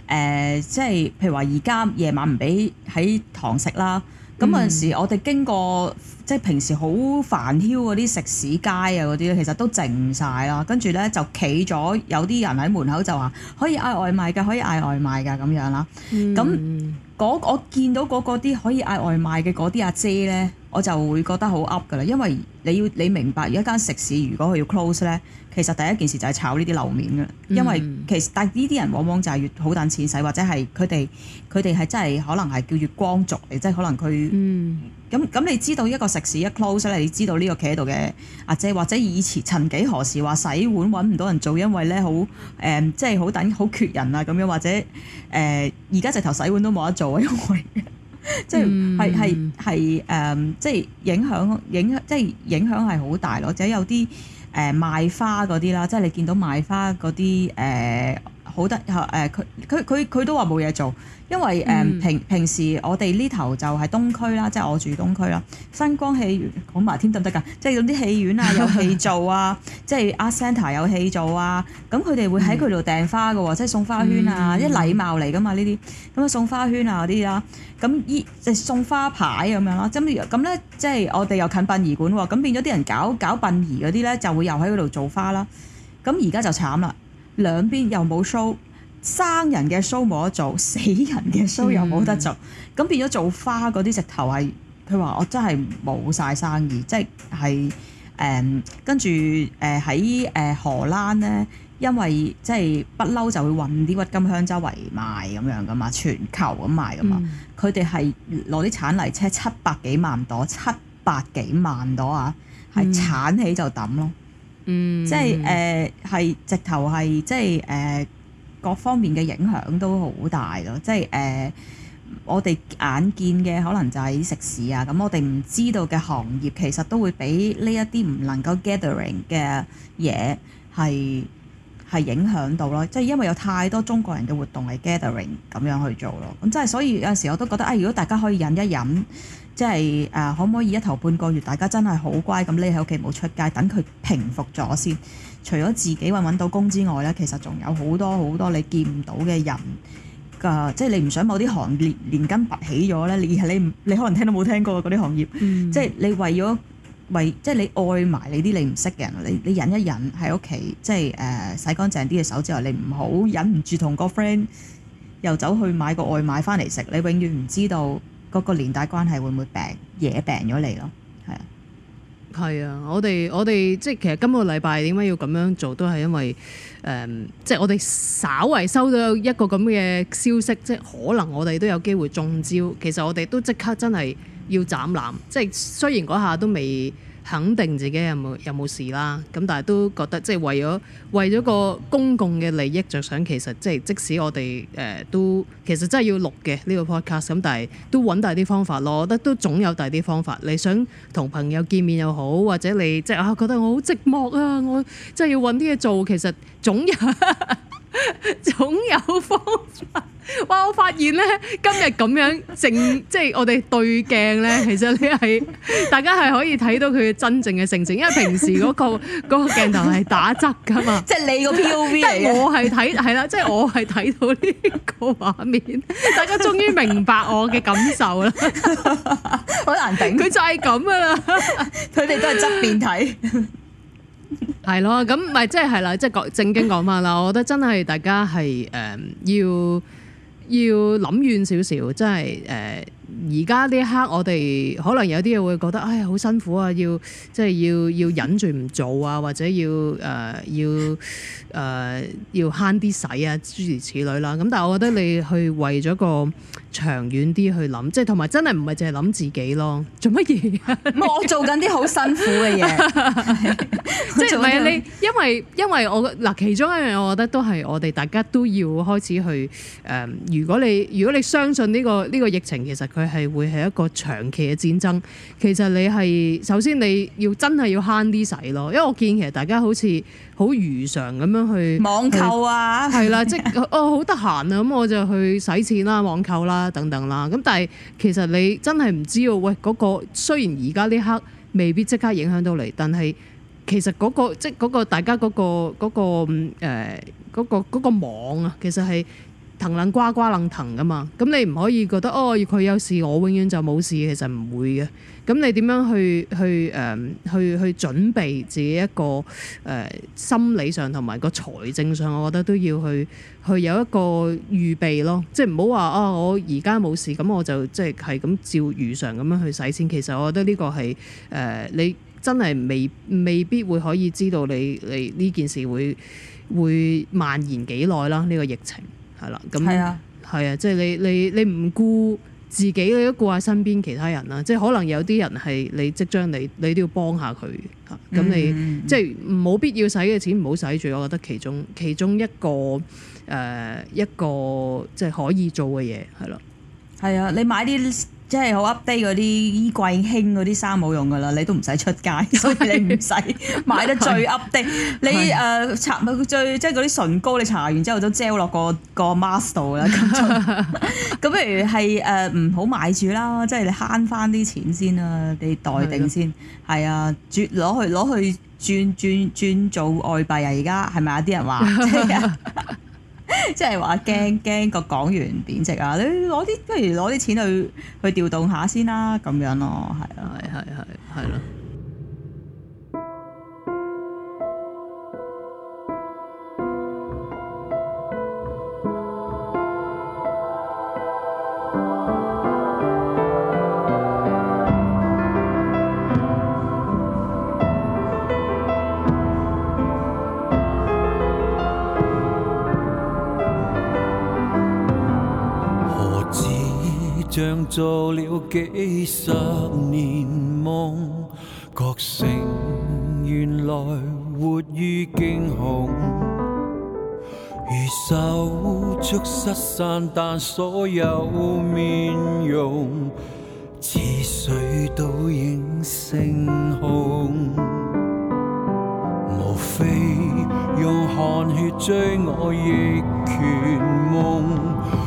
Speaker 2: 呃、即係譬如話而家夜晚唔俾喺堂食啦。咁嗰陣時，我哋經過即係平時好煩囂嗰啲食肆街啊，嗰啲其實都靜晒啦。跟住咧就企咗有啲人喺門口就話可以嗌外賣㗎，可以嗌外賣㗎咁樣啦。咁、嗯、我見到嗰啲可以嗌外賣嘅嗰啲阿姐咧。我就會覺得好 up 噶啦，因為你要你明白，一間食肆如果佢要 close 咧，其實第一件事就係炒呢啲樓面啦。因為其實、嗯、但呢啲人往往就係越好等錢使，或者係佢哋佢哋係真係可能係叫月光族嚟，即係可能佢咁咁。嗯、你知道一個食肆一 close 咧，你知道呢個企喺度嘅阿姐，或者以前曾幾何時話洗碗揾唔到人做，因為咧好誒，即係好等、好缺人啊咁樣，或者誒而家直頭洗碗都冇得做啊，因為。 即係係係誒，即係影響影即係影響係好大咯。或者有啲誒賣花嗰啲啦，即係你見到賣花嗰啲誒好得誒，佢佢佢佢都話冇嘢做。因為誒平平時我哋呢頭就係東區啦，即係我住東區啦。新光戲院講埋添得唔得㗎？即係嗰啲戲院啊，有戲做啊， 即係 Art Centre 有戲做啊。咁佢哋會喺佢度訂花嘅喎，嗯、即係送花圈啊，一、嗯、禮貌嚟㗎嘛呢啲。咁啊送花圈啊嗰啲啦，咁依即係送花牌咁樣啦。咁咁咧，即係我哋又近殯儀館喎。咁變咗啲人搞搞殯儀嗰啲咧，就會又喺嗰度做花啦。咁而家就慘啦，兩邊又冇 show。生人嘅 show 冇得做，死人嘅 show 又冇得做，咁、嗯、變咗做花嗰啲直頭係，佢話我真係冇晒生意，即係係誒跟住誒喺誒荷蘭咧，因為即係不嬲就會運啲鬱金香周圍賣咁樣噶嘛，全球咁賣噶嘛，佢哋係攞啲剷泥車七百幾萬朵，七百幾萬朵啊，係剷、嗯、起就抌咯，嗯，即係誒係直頭係即係誒。呃各方面嘅影響都好大咯，即係誒、呃，我哋眼見嘅可能就係食肆啊，咁我哋唔知道嘅行業其實都會俾呢一啲唔能夠 gathering 嘅嘢係係影響到咯，即係因為有太多中國人嘅活動係 gathering 咁樣去做咯，咁即係所以有陣時我都覺得，誒、哎，如果大家可以忍一忍，即係誒、呃，可唔可以一頭半個月大家真係好乖咁匿喺屋企冇出街，等佢平復咗先。除咗自己揾到工之外咧，其實仲有好多好多你見唔到嘅人㗎，即係你唔想某啲行業連，連根拔起咗咧，你你你可能聽都冇聽過嗰啲行業，嗯、即係你為咗為即係你愛埋你啲你唔識嘅人，你你忍一忍喺屋企，即係誒、呃、洗乾淨啲嘅手之外，你唔好忍唔住同個 friend 又走去買個外賣翻嚟食，你永遠唔知道嗰個連帶關係會唔會病嘢病咗你咯。
Speaker 1: 係啊，我哋我哋即係其實今個禮拜點解要咁樣做，都係因為誒，即、呃、係、就是、我哋稍微收到一個咁嘅消息，即係可能我哋都有機會中招。其實我哋都即刻真係要斬纜，即係雖然嗰下都未。肯定自己有冇有冇事啦，咁但係都覺得，即係為咗為咗個公共嘅利益着想，其實即係即使我哋誒、呃、都其實真係要錄嘅呢個 podcast，咁但係都揾第啲方法咯，我覺得都總有第啲方法。你想同朋友見面又好，或者你即係啊覺得我好寂寞啊，我即係要揾啲嘢做，其實總有。 總有方法。哇！我發現咧，今日咁樣正，即係我哋對鏡咧，其實你係大家係可以睇到佢真正嘅神情，因為平時嗰個嗰個鏡頭係打側噶嘛。即係你個 P O V 嚟。我係睇係啦，即係我係睇到呢個畫面，大家終於明白我嘅感受啦。好難頂。佢就係咁噶啦，佢哋都係側面睇。係咯，咁咪即係係啦，即 係正經講翻啦，我覺得真係大家係誒、呃、要要諗遠少少，即係誒。呃而家呢一刻，我哋可能有啲嘢會覺得，唉，好辛苦啊！要即係要要忍住唔做啊，或者要誒、呃呃、要誒要慳啲使啊，諸如此類啦。咁但係我覺得你去為咗個長遠啲去諗，即係同埋真係唔係淨係諗自己咯。做乜嘢？
Speaker 2: 我做緊啲好辛苦嘅嘢，
Speaker 1: 即係唔係啊你？因為因為我嗱，其中一樣我覺得都係我哋大家都要開始去誒，如果你如果你相信呢個呢個疫情，其實佢。係會係一個長期嘅戰爭。其實你係首先你要真係要慳啲使咯，因為我見其實大家好似好如常咁樣去網購扣啊，係啦，即、就、係、係、 哦好得閒啊，咁我就去使錢啦、網購啦、等等啦。咁但係其實你真係唔知道，喂嗰、嗰個雖然而家呢刻未必即刻影響到你，但係其實嗰、嗰個即係嗰個大家嗰、嗰個嗰、嗰個誒嗰、呃嗰個嗰個嗰個網啊，其實係。騰冷呱呱冷騰㗎嘛，咁你唔可以覺得哦，佢有事，我永遠就冇事。其實唔會嘅。咁你點樣去去誒、呃、去去準備自己一個誒、呃、心理上同埋個財政上，我覺得都要去去有一個預備咯。即係唔好話啊，我而家冇事，咁我就即係係咁照如常咁樣去使錢。其實我覺得呢個係誒、呃、你真係未未必會可以知道你你呢件事會會蔓延幾耐啦。呢、這個疫情。係啦，咁係啊，即係的、就是，你你你唔顧自己，你都顧下身邊其他人啦。即係可能有啲人係你即將你，你都要幫下佢吓。咁、嗯、你即係冇必要使嘅錢唔好使住，我覺得其中其中一個誒、呃、一個即係可以做嘅嘢係啦。係啊，你買啲即係好 update 嗰
Speaker 2: 啲衣櫃興嗰啲衫冇用㗎喇，你都唔使出街，的所以你唔使買得最 update 的。你誒、uh, 搽最即係嗰啲唇膏，你搽完之後都擠落、那個個 mask 度啦。咁不 如係誒唔好買住啦，即係你慳返啲錢先啦，你待定先。係的啊，轉攞去攞去轉轉轉做外幣啊！而家係咪啊？啲人話。 即係話驚驚個港元貶值啊！你攞啲不如攞啲錢去去調動下先啦，咁樣咯，係啊，係係係咯。
Speaker 1: 像做了幾
Speaker 2: 十年夢，覺醒原來
Speaker 1: 活於驚恐。如手足失散，但所有面容似水倒映星空。無非用汗血追我逆權夢。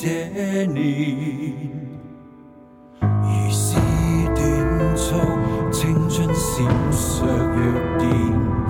Speaker 2: 這年，如詩短促，青春閃爍如電。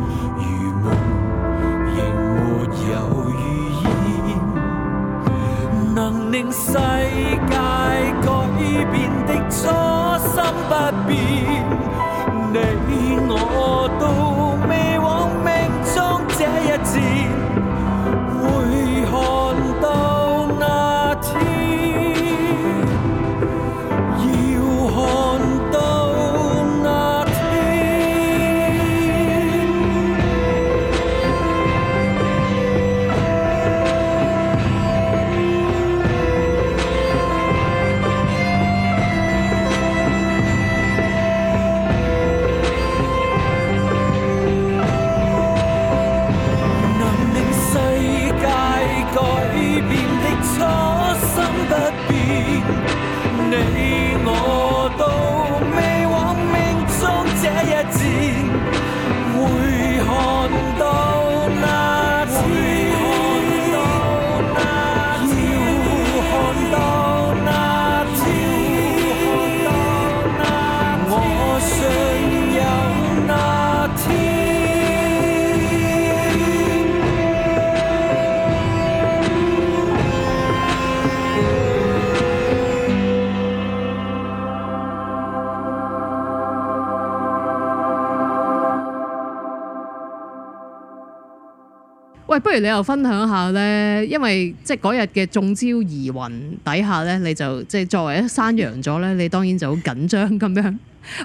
Speaker 1: 不如你又分享下咧，因為即係嗰日嘅中招疑雲底下咧，你就即係作為一山羊咗咧，你當然就好緊張咁樣，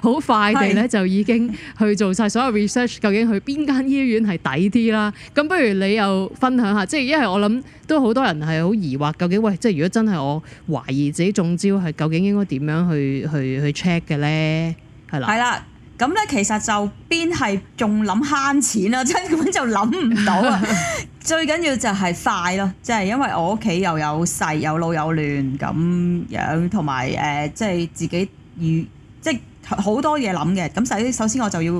Speaker 1: 好快地咧就已經去做晒所有 research，究竟去邊間醫院係抵啲啦。咁不如你又分享下，即係因為我諗都好多人係好疑惑，究竟喂，即係如果真係我懷疑自己中招，係究竟應該點樣去去去 check 嘅咧？係啦。
Speaker 2: 咁咧其實就邊係仲諗慳錢啊？真根本就諗唔到啊！ 最緊要就係快咯，即係因為我屋企又有細有老有嫩咁樣，同埋誒即係自己與即係好多嘢諗嘅。咁所以首先我就要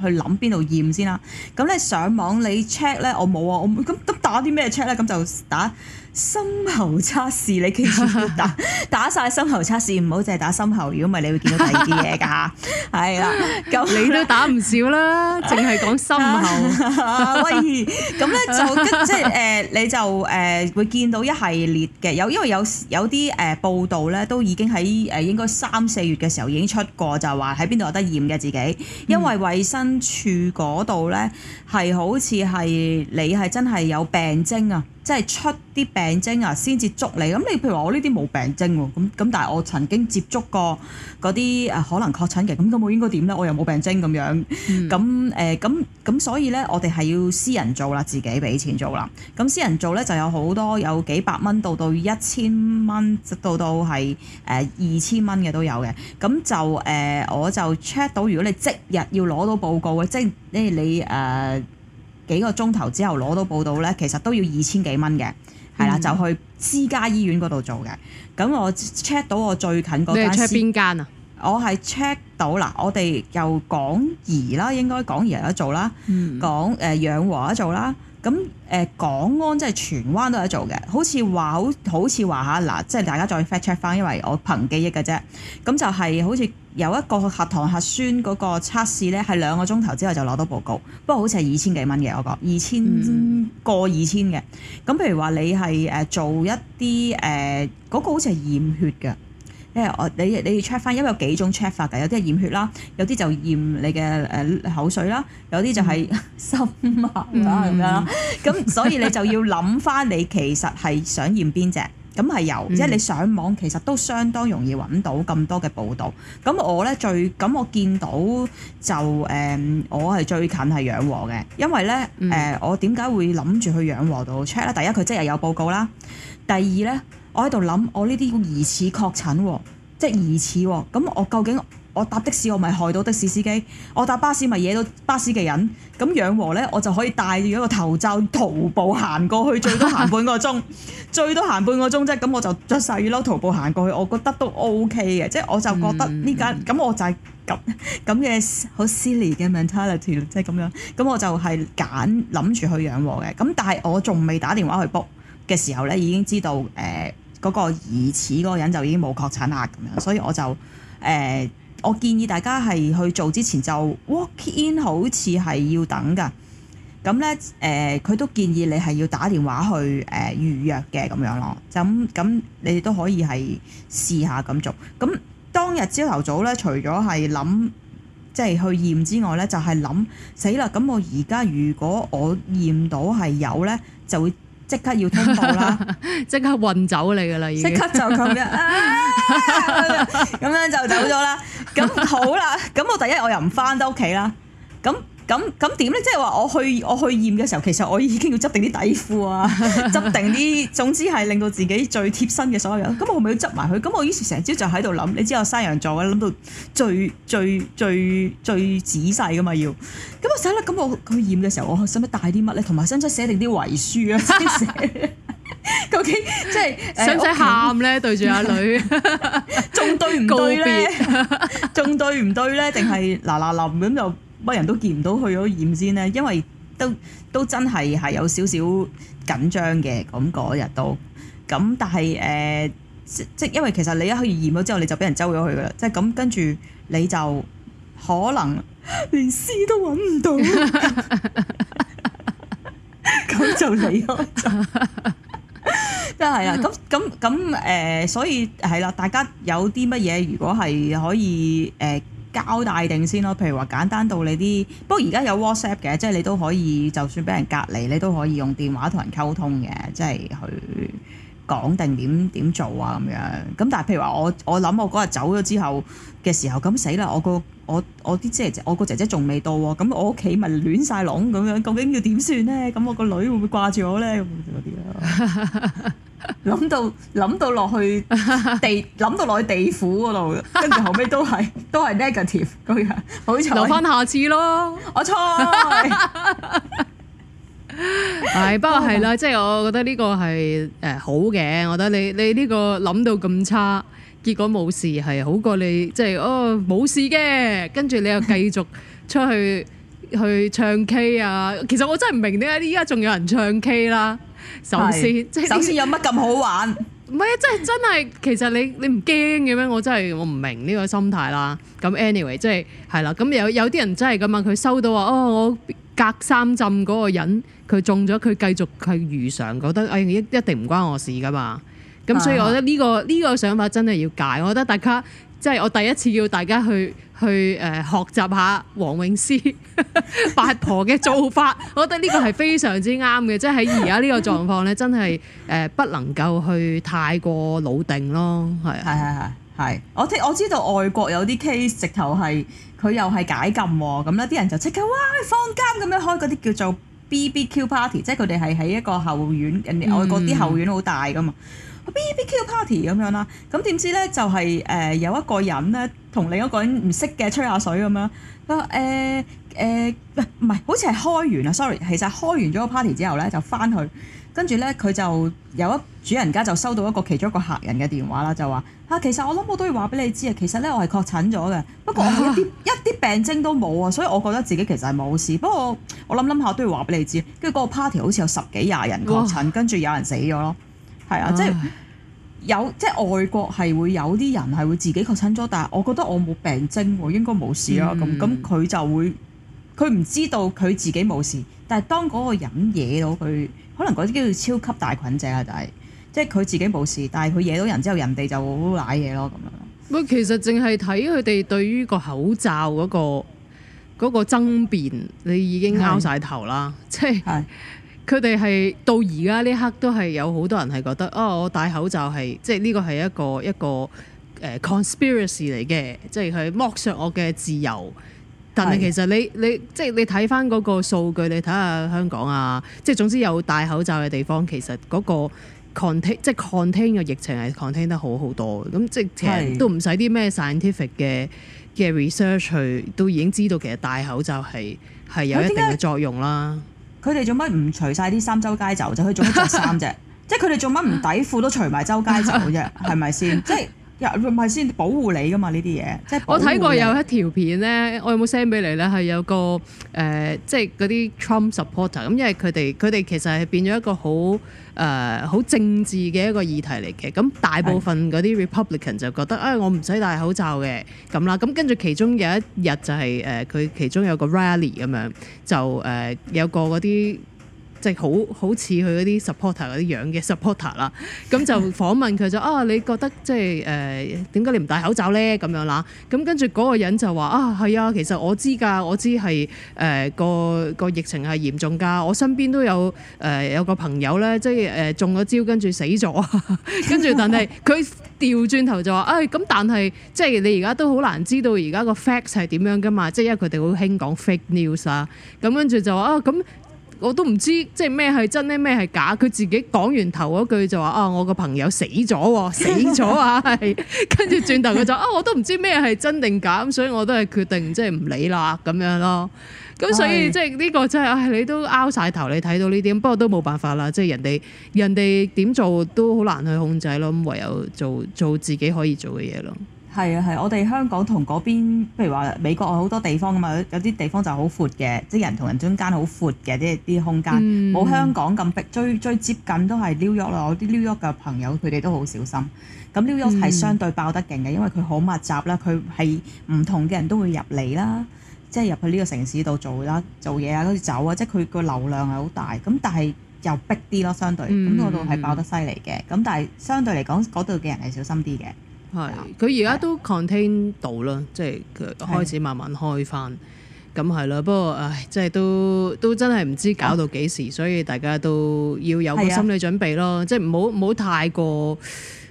Speaker 2: 去諗邊度驗先啦，啊。咁咧上網你 check 咧，我冇啊。我咁咁打啲咩 check 咧？咁就打。心喉測試，你記住要打，打曬心喉測試，唔好淨係打心喉。如果唔係，你會見到第二啲嘢㗎。係啦， 夠你都打唔少啦，淨係講心喉。喂， 咁咧就即係誒、呃，你就誒、呃、會見到一系列嘅，有因為有有啲誒、呃、報道咧，都已經喺誒應該三四月嘅時候已經出過，就係話喺邊度有得驗嘅自己，因為衞生署嗰度咧係好似係你係真係有病徵啊，即係出啲病徵啊，先接觸你。咁你譬如話我呢啲冇病徵喎，咁咁但係我曾經接觸過嗰啲誒可能確診嘅，咁咁我應該點咧？我又冇病徵咁樣，咁誒咁咁所以咧，我哋係要私人做啦，自己俾錢做啦。咁私人做咧就有好多有幾百蚊到到一千蚊，到到係誒二千蚊嘅都有嘅。咁就誒、呃、我就 check 到，如果你即日要攞到報告嘅，即係誒你誒。你呃幾個鐘頭之後攞到報到咧，其實都要二千幾蚊嘅，係啦、嗯，就去私家醫院嗰度做嘅。咁我 check 到我最近嗰間，你 check 邊間啊？我係 check 到嗱，我哋由港怡啦，應該港怡有得做啦，港誒、嗯呃、養和有得做啦。咁誒、呃、港安即係荃灣都有做嘅，好似話好好似話嚇嗱，即係大家再 fact check 翻，因為我憑記憶嘅啫。咁就係好似有一個核糖核酸嗰個測試咧，係兩個鐘頭之後就攞到報告，不過好似係二千幾蚊嘅，我講二千過二千嘅。咁譬如話你係誒做一啲誒嗰個好似係驗血嘅，即係我你你 check 翻，因為有幾種 check 法㗎，有啲係驗血啦，有啲就驗你嘅誒口水啦，有啲就係心脈啊咁樣。咁所以你就要諗翻，你其實係想驗邊隻？咁係由。即係、嗯、你上網其實都相當容易揾到咁多嘅報導。咁我咧最咁我見到就誒、嗯，我係最近係養和嘅，因為咧誒、嗯呃，我點解會諗住去養和度 check 咧？第一，佢即日有報告啦，第二咧。我喺度諗，我呢啲疑似確診，即係疑似喎。咁我究竟我搭的士，我咪害到的士司機？我搭巴士咪惹到巴士嘅人？咁養和咧，我就可以戴住一個頭罩徒步行過去，最多行半個鐘， 最多行半個鐘啫。咁我就着曬雨褸徒步行過去，我覺得都 O K 嘅，即係 我就覺得呢間咁我就係咁咁嘅好 silly 嘅 mentality，即係咁樣。咁我就係揀諗住去養和嘅。咁但係我仲未打電話去 book 嘅時候咧，已經知道誒。呃嗰個疑似嗰個人就已經冇確診啊咁樣，所以我就誒、呃，我建議大家係去做之前就 walk in，好似係要等㗎。咁咧誒，佢、呃、都建議你係要打電話去誒、呃、預約嘅咁樣咯。咁咁你都可以係試下咁做。咁當日朝頭早咧，除咗係諗即係去驗之外咧，就係諗死啦！咁我而家如果我驗到係有咧，就會。即刻要通報啦！即 刻運走你噶啦，已經即刻就咁樣
Speaker 1: 咁、 啊、樣就走咗啦。咁 好啦，
Speaker 2: 咁我第一日我又唔翻到屋企啦。咁咁咁點咧？即係話我去我去驗嘅時候，其實我已經要執定啲底褲啊，執定啲，總之係令到自己最貼身嘅所有人。咁我咪要執埋佢。咁我於是成朝就喺度諗，你知道我山羊座嘅諗到最最最最仔細噶嘛要。咁我死啦！咁我去驗嘅時候，我使唔使帶啲乜咧？同埋使唔使寫定啲遺書啊？ 究竟即係使唔使喊咧？想想呢 對住阿女，仲告別 對唔對咧？仲對唔對咧？定係嗱嗱淋咁就？乜人都見唔到去咗驗先咧，因為都都真係係有少少緊張嘅，咁嗰日都咁，但係誒、呃、即即因為其實你一去驗咗之後，你就俾人揪咗去噶啦，即係咁跟住你就可能連屍都揾唔到，咁 就離開就真係啦。咁咁咁誒，所以係啦，大家有啲乜嘢如果係可以誒？呃交代定先咯，譬如話簡單到你啲，不過而家有 WhatsApp 嘅，即係你都可以，就算俾人隔離，你都可以用電話同人溝通嘅，即係去。講定點點做啊咁樣，咁但係譬如話我我諗我嗰日走咗之後嘅時候，咁死啦！我個我我啲姐姐，我個姐姐仲未到喎，咁我屋企咪亂晒籠咁樣，究竟要點算咧？咁我個女會唔會掛住我咧？咁啲啦，諗到諗到落去地諗到落去地府嗰度，跟住後尾都係都係 negative 咁
Speaker 1: 樣 悔，好彩留翻下次咯，我錯猜。 係、 哎，不過係啦，麼即係我覺得呢個係誒好嘅，我覺得你你呢個諗到咁差，結果冇事係好過你即係哦冇事嘅，跟住你又繼續出去去唱 K 啊！其實我真係唔明點解依家仲有人唱 K 啦。首先是，即係是首先有乜咁好玩？唔係，即係真係，其實你你唔驚嘅咩？我真係我唔明呢個心態啦。咁 anyway，即係係啦。咁、嗯、有有啲人真係咁樣，佢收到話哦，我隔三浸嗰個人。佢中咗，佢繼續去如常覺得，哎一一定唔關我事噶嘛。咁的所以，我覺得呢、呢個呢、呢個想法真係要解。我覺得大家即係、就是、我第一次要大家去去誒學習下黃詠詩八婆嘅做法。 我覺得呢個係非常之啱嘅，即係而家呢個狀況咧，真係誒不能夠去太過老定咯。係係係係。
Speaker 2: 我聽我知道外國有啲 case 直頭係佢又係解禁喎，咁咧啲人就即刻哇放監咁樣開嗰啲叫做，BBQ party，即係佢哋係喺一個後院，人哋外國啲後院好大㗎嘛。嗯、BBQ party 咁樣啦，咁點知咧就係、是、誒、呃、有一個人咧同另一個人唔識嘅吹下水咁樣。佢話誒唔係，好似係開完啊，sorry，其實開完咗個 party 之後咧就翻去。跟住咧，佢就有一主人家就收到一個其中一個客人嘅電話啦，就話：啊「嚇，其實我諗我都要話俾你知啊，其實咧我係確診咗嘅，不過我一啲、啊、一啲病徵都冇啊，所以我覺得自己其實係冇事。不過我諗諗下都要話俾你知，跟住嗰個 party 好似有十幾廿人確診，哇跟住有人死咗咯，係啊，啊即係有即係外國係會有啲人係會自己確診咗，但係我覺得我冇病徵喎，應該冇事啦。咁咁佢就會佢唔知道佢自己冇事，但係當嗰個人惹到佢。可能嗰啲叫做超級大菌者啊，就係即係佢自己冇事，但係佢惹到人之
Speaker 1: 後，人哋就好賴嘢咯咁樣。唔係，其實淨係睇佢哋對於個口罩嗰個嗰個爭辯，你已經拗晒頭啦。是即係佢哋係到而家呢刻都係有好多人係覺得哦，我戴口罩係即係呢個係一個一個誒、呃、conspiracy 嚟嘅，即係佢剝削我嘅自由。但係其實你你即係、就是、你睇翻嗰個數據，你睇下香港啊，即係總之有戴口罩嘅地方，其實嗰個 contain 即係 contain 個疫情係 contain 得好好多。咁即係其實都唔使啲咩 scientific 嘅嘅 research 去，都已經知道其實戴口罩係係有一定嘅作用啦。佢哋做乜唔除
Speaker 2: 晒啲衫周街走啫？佢仲着衫啫。 即係佢哋做乜唔底褲都除埋周街走啫？係咪先？即係。又唔係先保護你㗎嘛？呢啲嘢，我睇過有一
Speaker 1: 條片咧，我有冇 send 俾你咧？係有個誒、呃，即係嗰啲 Trump supporter 咁，因為佢哋佢哋其實係變咗一個好誒好政治嘅一個議題嚟嘅。咁大部分嗰啲 Republican 就覺得啊是、哎，我唔使戴口罩嘅咁啦。咁跟住其中有一日就係、是、誒，佢、呃、其中有個 rally 咁樣就誒、呃、有個嗰啲。好好似佢嗰啲 supporter 嗰啲樣嘅 supporter 啦，咁就訪問佢就啊，你覺得即係誒點解你唔戴口罩咧？咁樣啦，咁跟住嗰個人就話啊，係啊，其實我知㗎，我知係誒、呃、個個疫情係嚴重㗎，我身邊都有誒、呃、有個朋友咧，即係誒中咗招，跟住死咗，跟 住但係佢調轉頭就話，哎，咁但係即係你而家都好難知道而家個 fact 係點樣㗎嘛？即係因為佢哋好興講 fake news 啊，咁跟住就話啊，咁。我都唔知即係咩係真咧，咩係假。佢自己講完頭嗰句就話：啊，我個朋友死咗，死咗啊！係 跟住轉頭佢就：「啊，我都唔知咩係真定假，所以我都係決定即係唔理啦咁樣咯。咁所以即係呢個真係，哎，你都拗晒頭，你睇到呢啲，不過都冇辦法啦。即係人哋人哋點做都好難去控制咯，唯有做做自己可以做嘅嘢咯。
Speaker 2: 係啊係，我哋香港同嗰邊，譬如話美國好多地方啊嘛，有啲地方就好闊嘅，即係人同人中間好闊嘅啲啲空間，冇、嗯、香港咁逼。最最接近都係紐約啦，我啲紐約嘅朋友佢哋都好小心。咁紐約係相對爆得勁嘅，嗯、因為佢好密集啦，佢係唔同嘅人都會入嚟啦，即係入去呢個城市度做啦、做嘢啊、跟住走啊，即係佢個流量係好大。咁但係又逼啲咯，相對咁嗰度係爆得犀利嘅。咁但係相對嚟講，嗰度嘅人係
Speaker 1: 小心啲嘅。係，佢而家都 contain 到啦，即係佢開始慢慢開翻，咁係啦。不過，唉，即係都都真係唔知搞到幾時，所以大家都要有個心理準備咯。即係唔好唔好太過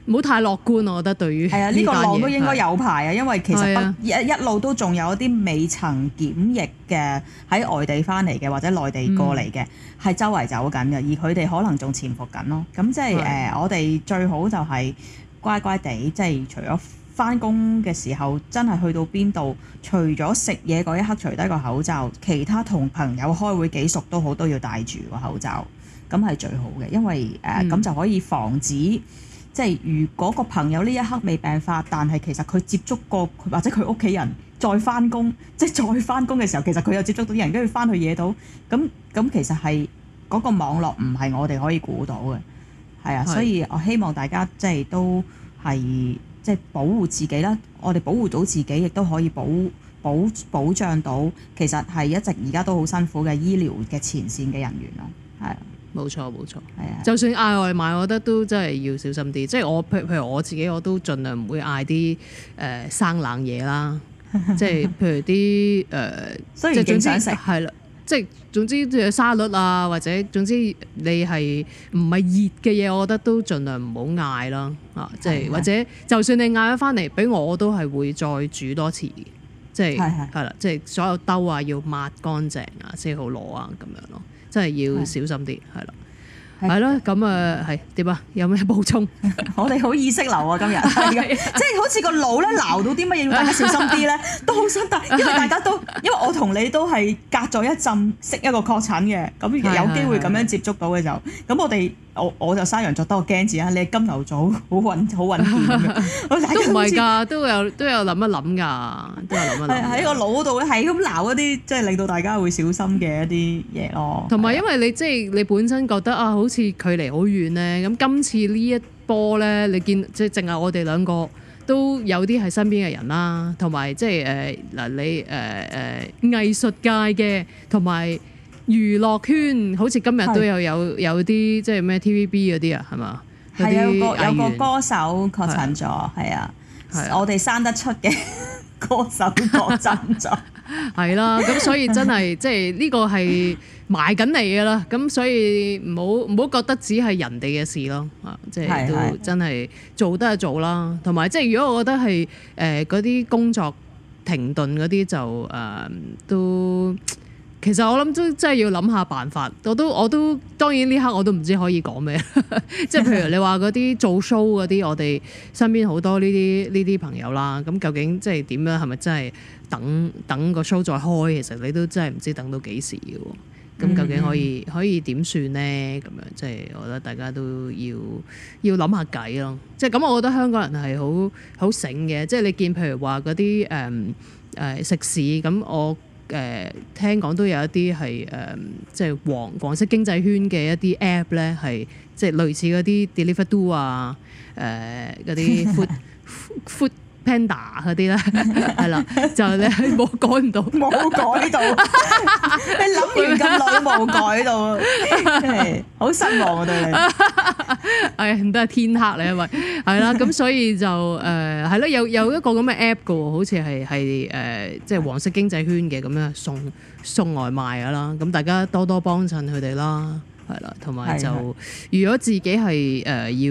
Speaker 1: 唔好太樂觀。我覺得對於係啊，呢個浪都應該有排啊，因為其實一一路都仲有啲
Speaker 2: 未曾檢疫嘅喺外地翻嚟嘅，或者內地過嚟嘅，係周圍走緊嘅，而佢哋可能仲潛伏緊咯。咁即係誒，我哋最好就係。乖乖地，即係除咗翻工嘅時候，真係去到邊度，除咗食嘢嗰一刻，除低個口罩，其他同朋友開會幾熟都好，都要戴住個口罩，咁係最好嘅，因為誒咁、呃嗯、就可以防止，即係如果個朋友呢一刻未病發，但係其實佢接觸過或者佢屋企人再翻工，即係再翻工嘅時候，其實佢又接觸到啲人，跟住翻去惹到，咁咁其實係嗰、嗰個網絡唔係我哋可以估到嘅。係啊，所以我希望大家即係都係即係保護自己啦。我哋保護到自己，亦都可以保保保障到其實係一直而家都好辛苦嘅醫療嘅前線嘅人員咯。係，
Speaker 1: 冇錯冇錯，係啊。啊就算嗌外賣，我覺得都真係要小心啲。即係我譬譬如我自己，我都盡量唔會嗌啲誒生冷嘢啦。即係譬如啲誒，即係、 呃、想食係啦。即係總之，仲有沙律啊，或者總之你係唔係熱嘅嘢，我覺得都盡量唔好嗌啦啊！即係是是 或者，是是就算你嗌咗翻嚟，俾我我都係會再煮多次。即係係啦，即係是是 所有兜啊，要抹乾淨啊，先好攞啊咁樣咯。即係要小心啲，係啦。係咯，咁啊，係點啊？有咩補充？ 我哋好意識流啊，今日， 係啊，即係好似個腦咧鬧到啲乜嘢，要大家小心啲咧，都好想得，因為大
Speaker 2: 家都，因為我同你都係隔咗一陣識一個確診嘅，咁有機會咁樣接觸到嘅就，咁 我哋。我我就山羊作得個驚字啊！你金牛座 好穩好穩健
Speaker 1: 都唔係㗎，都有諗諗 都有諗一諗㗎，都 有諗一諗。喺個腦嗰度係咁鬧一啲，即係令到大家會小心嘅一啲嘢咯。同埋因為你即係、就是、你本身覺得啊，好似距離好遠咧，咁今次呢一波咧，你見即係淨係我哋兩個都有啲係身邊嘅人啦，同埋即係誒嗱你誒誒、呃呃、藝術界嘅同埋。娛樂圈好似今日都有是有有啲即係咩 TVB 嗰啲啊，係嘛？係有個有個歌手確診咗，係啊，啊我哋生得出嘅
Speaker 2: 歌手確診咗，
Speaker 1: 係啦、啊。咁、啊 啊、所以真係 即係呢個係埋緊嚟嘅啦。咁所以唔好唔好覺得只係人哋嘅事咯。啊，即係都真係做得係做啦。同埋即係如果我覺得係誒嗰啲工作停頓嗰啲就誒、呃、都。其實我諗都真係要諗下辦法，我都我都當然呢刻我都唔知可以講咩，即 係譬如你話嗰啲做 show 嗰啲，我哋身邊好多呢啲呢啲朋友啦。咁究竟即係點樣？係咪真係等等個 show 再開？其實你都真係唔知等到幾時嘅喎。咁究竟可以可以點算呢？咁樣即係、就是、我覺得大家都要要諗下計咯。即係咁，我覺得香港人係好好醒嘅。即係、就是、你見譬如話嗰啲誒誒食肆咁我。誒聽講都有一啲係誒，即係黃黃色經濟圈嘅一啲 app 咧，係即係類似嗰啲 deliveroo 啊，誒嗰啲 food food。 Panda 嗰啲咧，係 啦了，就你係冇改唔到，冇改到， 你諗完咁耐冇改到，好失望啊！我哋， 係唔得啊！天黑你因為係啦，咁 所以就誒係咯，有有一個咁嘅 app 嘅，好似係係誒即係黃色經濟圈嘅咁樣送送外賣啦，咁大家多多幫襯佢哋啦。係啦，同埋就是是如果自己係誒、呃、要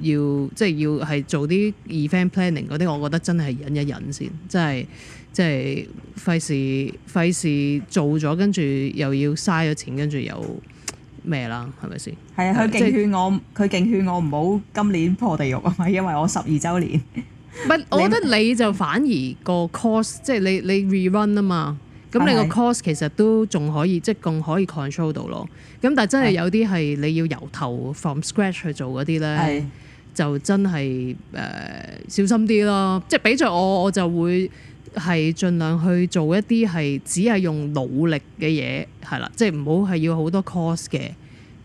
Speaker 1: 要即係要係做啲 event planning 嗰啲，我覺得真係忍一忍先，即係即係費事費事做咗跟住又要嘥咗錢，跟住又咩啦？係咪先係啊？佢勁勸我，佢勁勸我唔好今年破地獄啊，係 因為我十二周年。唔， 我覺得你就反而個 course 即係你你，你 re run 啊嘛，咁你個 course 其實都仲可以即係更可以 control 到咯。咁但係真係有啲係你要由頭 from scratch 去做嗰啲咧，的就真係誒、呃、小心啲咯。即係比著我，我就會係盡量去做一啲係只係用努力嘅嘢係啦，即係唔好係要好多 cost 嘅。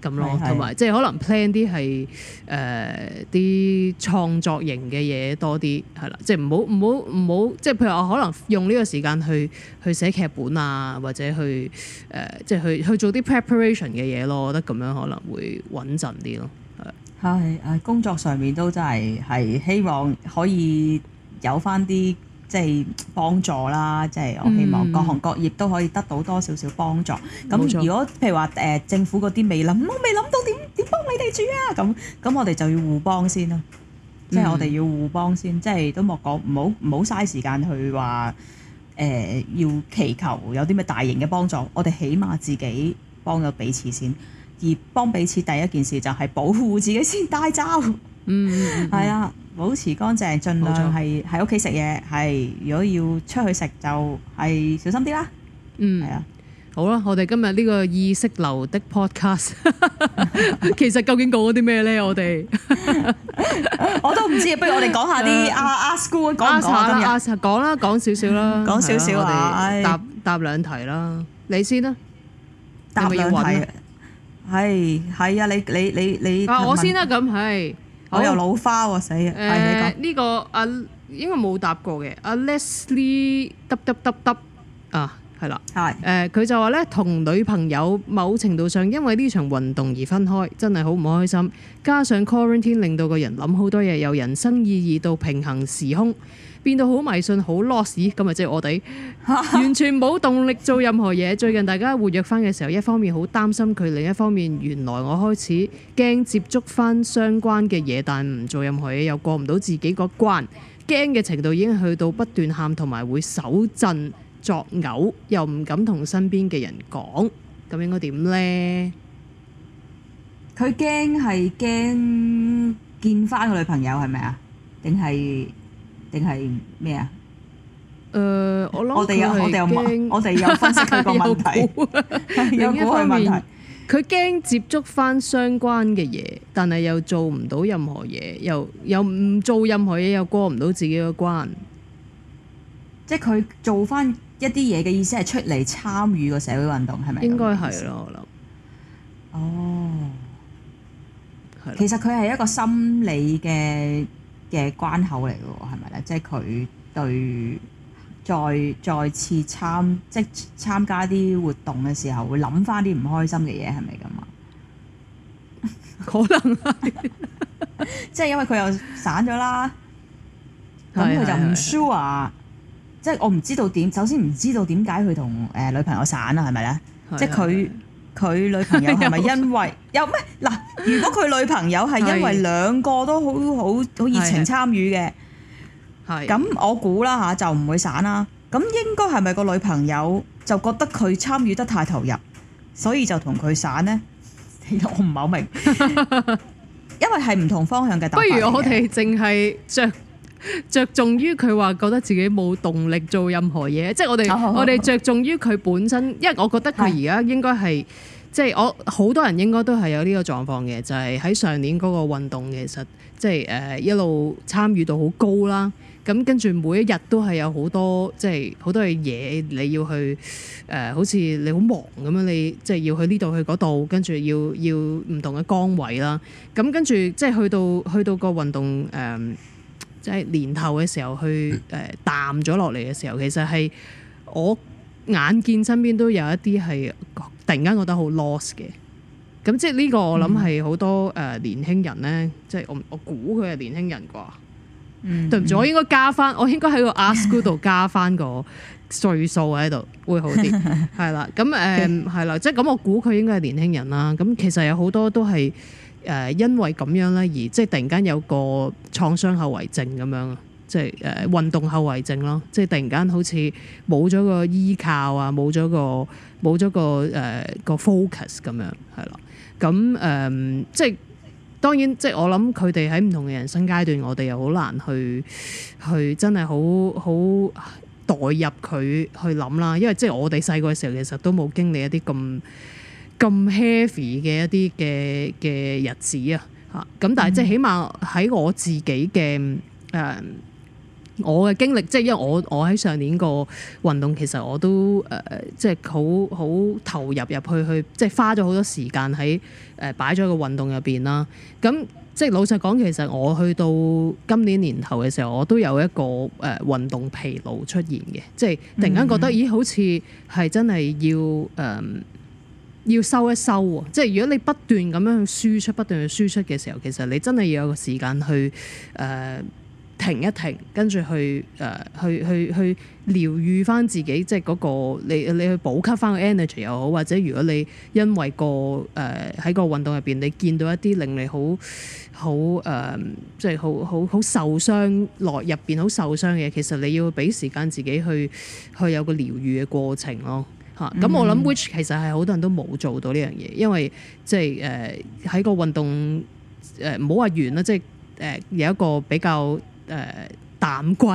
Speaker 1: 咁咯，同埋即係可能 plan 啲係誒啲創作型嘅嘢多啲，係啦，即係唔好唔好唔好，即係、就是、譬如我可能用呢個時間去去寫劇本啊，或者去誒即係去去做啲 preparation 嘅嘢咯，我覺得咁樣可能會穩陣啲咯。係，係
Speaker 2: 工作上面都真係係希望可以有返啲。即係幫助啦，即係我希望各行各業都可以得到多少少幫助。咁、嗯、如果譬如話誒、呃、政府嗰啲未諗，我未諗到點點幫你哋住啊！咁咁我哋就要互幫先咯。即係、嗯、我哋要互幫先，即係都莫講唔好唔好嘥時間去話誒、呃、要祈求有啲咩大型嘅幫助。我哋起碼自己幫咗彼此先，而幫彼此第一件事就係保護自己先，戴罩。嗯，係啊，保持乾淨，盡量係喺屋企食嘢。係如果要出去食，就係
Speaker 1: 小心啲啦。嗯，係啊，好啦，我哋今日呢個意識流的 podcast，其實究竟講咗啲咩咧？我哋
Speaker 2: 我都唔知，不如我哋講下啲阿阿 school 講下今日，
Speaker 1: 講啦，講少少啦，講少少啊，答答兩題啦，你先啦，
Speaker 2: 答兩題，
Speaker 1: 係係啊，你你你你，我先啦，咁係。我又老花喎，死嘅、哦。誒、呃、呢、這個阿、啊、應該冇答過嘅，Alex Lee，dot dot dot 啊，係啦、呃，係。誒佢是、呃、就話咧，同女朋友某程度上因為呢場運動而分開，真係好唔開心。加上 quarantine 令到個人諗好多嘢，由人生意義到平衡時空。變到好迷信、好 loss，咁咪即係我哋完全冇動力做任何嘢。 最近大家活躍翻嘅時候，一方面好擔心佢，另一方面原來我開始驚接觸翻相關嘅嘢，但唔做任何嘢又過唔到自己個關，驚嘅程度已經去到不斷喊，同埋會手震、作嘔，又唔敢同身邊嘅人講。咁應該點呢？佢驚係驚見翻個女朋友係咪啊？
Speaker 2: 定係？定係咩啊？
Speaker 1: 誒，我諗我哋有我哋有問，我哋有分析佢個問題，有一方面。佢驚接觸翻相關嘅嘢，但係又做唔到任何嘢，又又唔做任何嘢，又過唔到自己嘅關。即係佢
Speaker 2: 做翻一啲嘢嘅意思係出嚟參與個社會運動，係咪？應該係咯，我諗。哦，其實佢係一個心理嘅。嘅關口嚟嘅喎，係咪咧？即係佢對再再次參即參加啲活動嘅時候，會諗翻啲唔開心嘅嘢，係咪咁啊？可能啊， 即係因為佢又散咗啦，
Speaker 1: 咁佢 就唔
Speaker 2: sure，即係我唔知道點，首先唔知道點解佢同誒女朋友散啊，係咪咧？是是即係佢。是是是是佢女朋友係咪因為有咩嗱？如果佢女朋友係因為兩個都好好好熱情參與嘅，
Speaker 1: 係咁
Speaker 2: 我估啦吓，就唔會散啦。咁應該係咪個女朋友就覺得佢參與得太投入，所以就同佢散呢？
Speaker 1: 我唔係好明，
Speaker 2: 因為係唔同方向嘅打法嘅。不如我哋
Speaker 1: 淨係將。着重於佢話覺得自己冇動力做任何嘢， 即係我哋 我哋着重於佢本身，因為我覺得佢而家應該係即係我好多人應該都係有呢個狀況嘅，就係喺上年嗰個運動其實即係誒一路參與到好高啦。咁跟住每一日都係有好多即係好多嘢你要去誒、呃，好似你好忙咁樣，你即係要去呢度去嗰度，跟住要要唔同嘅崗位啦。咁跟住即係去到去到個運動誒。呃即係年頭嘅時候去誒、呃、淡咗落嚟嘅時候，其實係我眼見身邊都有一啲係突然間覺得好 lost 嘅。咁即係呢個我諗係好多誒年輕人咧，嗯、即係我我估佢係年輕人啩。嗯嗯、對唔住，我應該加翻，我應該喺個 ASKGOO 度加翻個歲數喺度會好啲。係啦， 咁誒係啦，即係咁我估佢應該係年輕人啦。咁其實有好多都係。誒，因為咁樣咧，而即係突然間有個創傷後遺症咁樣，即係誒運動後遺症咯，即係突然間好似冇咗個依靠啊，冇咗個冇咗個誒、呃、個 focus 咁樣，係、嗯、咯，咁誒即係當然，即係我諗佢哋喺唔同嘅人生階段，我哋又好難去去真係好好代入佢去諗啦，因為即係我哋細個嘅時候，其實都冇經歷一啲咁。咁 heavy 嘅一啲嘅嘅日子啊，吓，咁但係即係起碼喺我自己嘅誒、嗯呃、我嘅經歷，即係因為我我喺上年個運動其實我都誒即係好好投入入去去，即係花咗好多時間喺誒擺咗個運動入邊啦。咁、呃、即係老實講其實我去到今年年頭嘅時候，我都有一個誒運、呃、動疲勞出現嘅，即係突然間覺得咦、嗯呃，好似係真係要誒。呃要收一收喎，即係如果你不斷咁樣去輸出，不斷去輸出嘅時候，其實你真係要有個時間去誒、呃、停一停，跟住去誒、呃、去去去，去療愈翻自己，即係嗰、那個你你去補給翻個 energy 又好，或者如果你因為個誒喺、呃、個運動入邊你見到一啲令你好好誒，即係好好好受傷落入邊好受傷嘅嘢，其實你要俾時間自己去去有個療愈嘅過程咯。嚇！咁、嗯、我諗，which 其實係好多人都冇做到呢樣嘢，因為即係誒喺個運動誒唔好話完啦，即係誒、呃、有一個比較誒、呃、淡季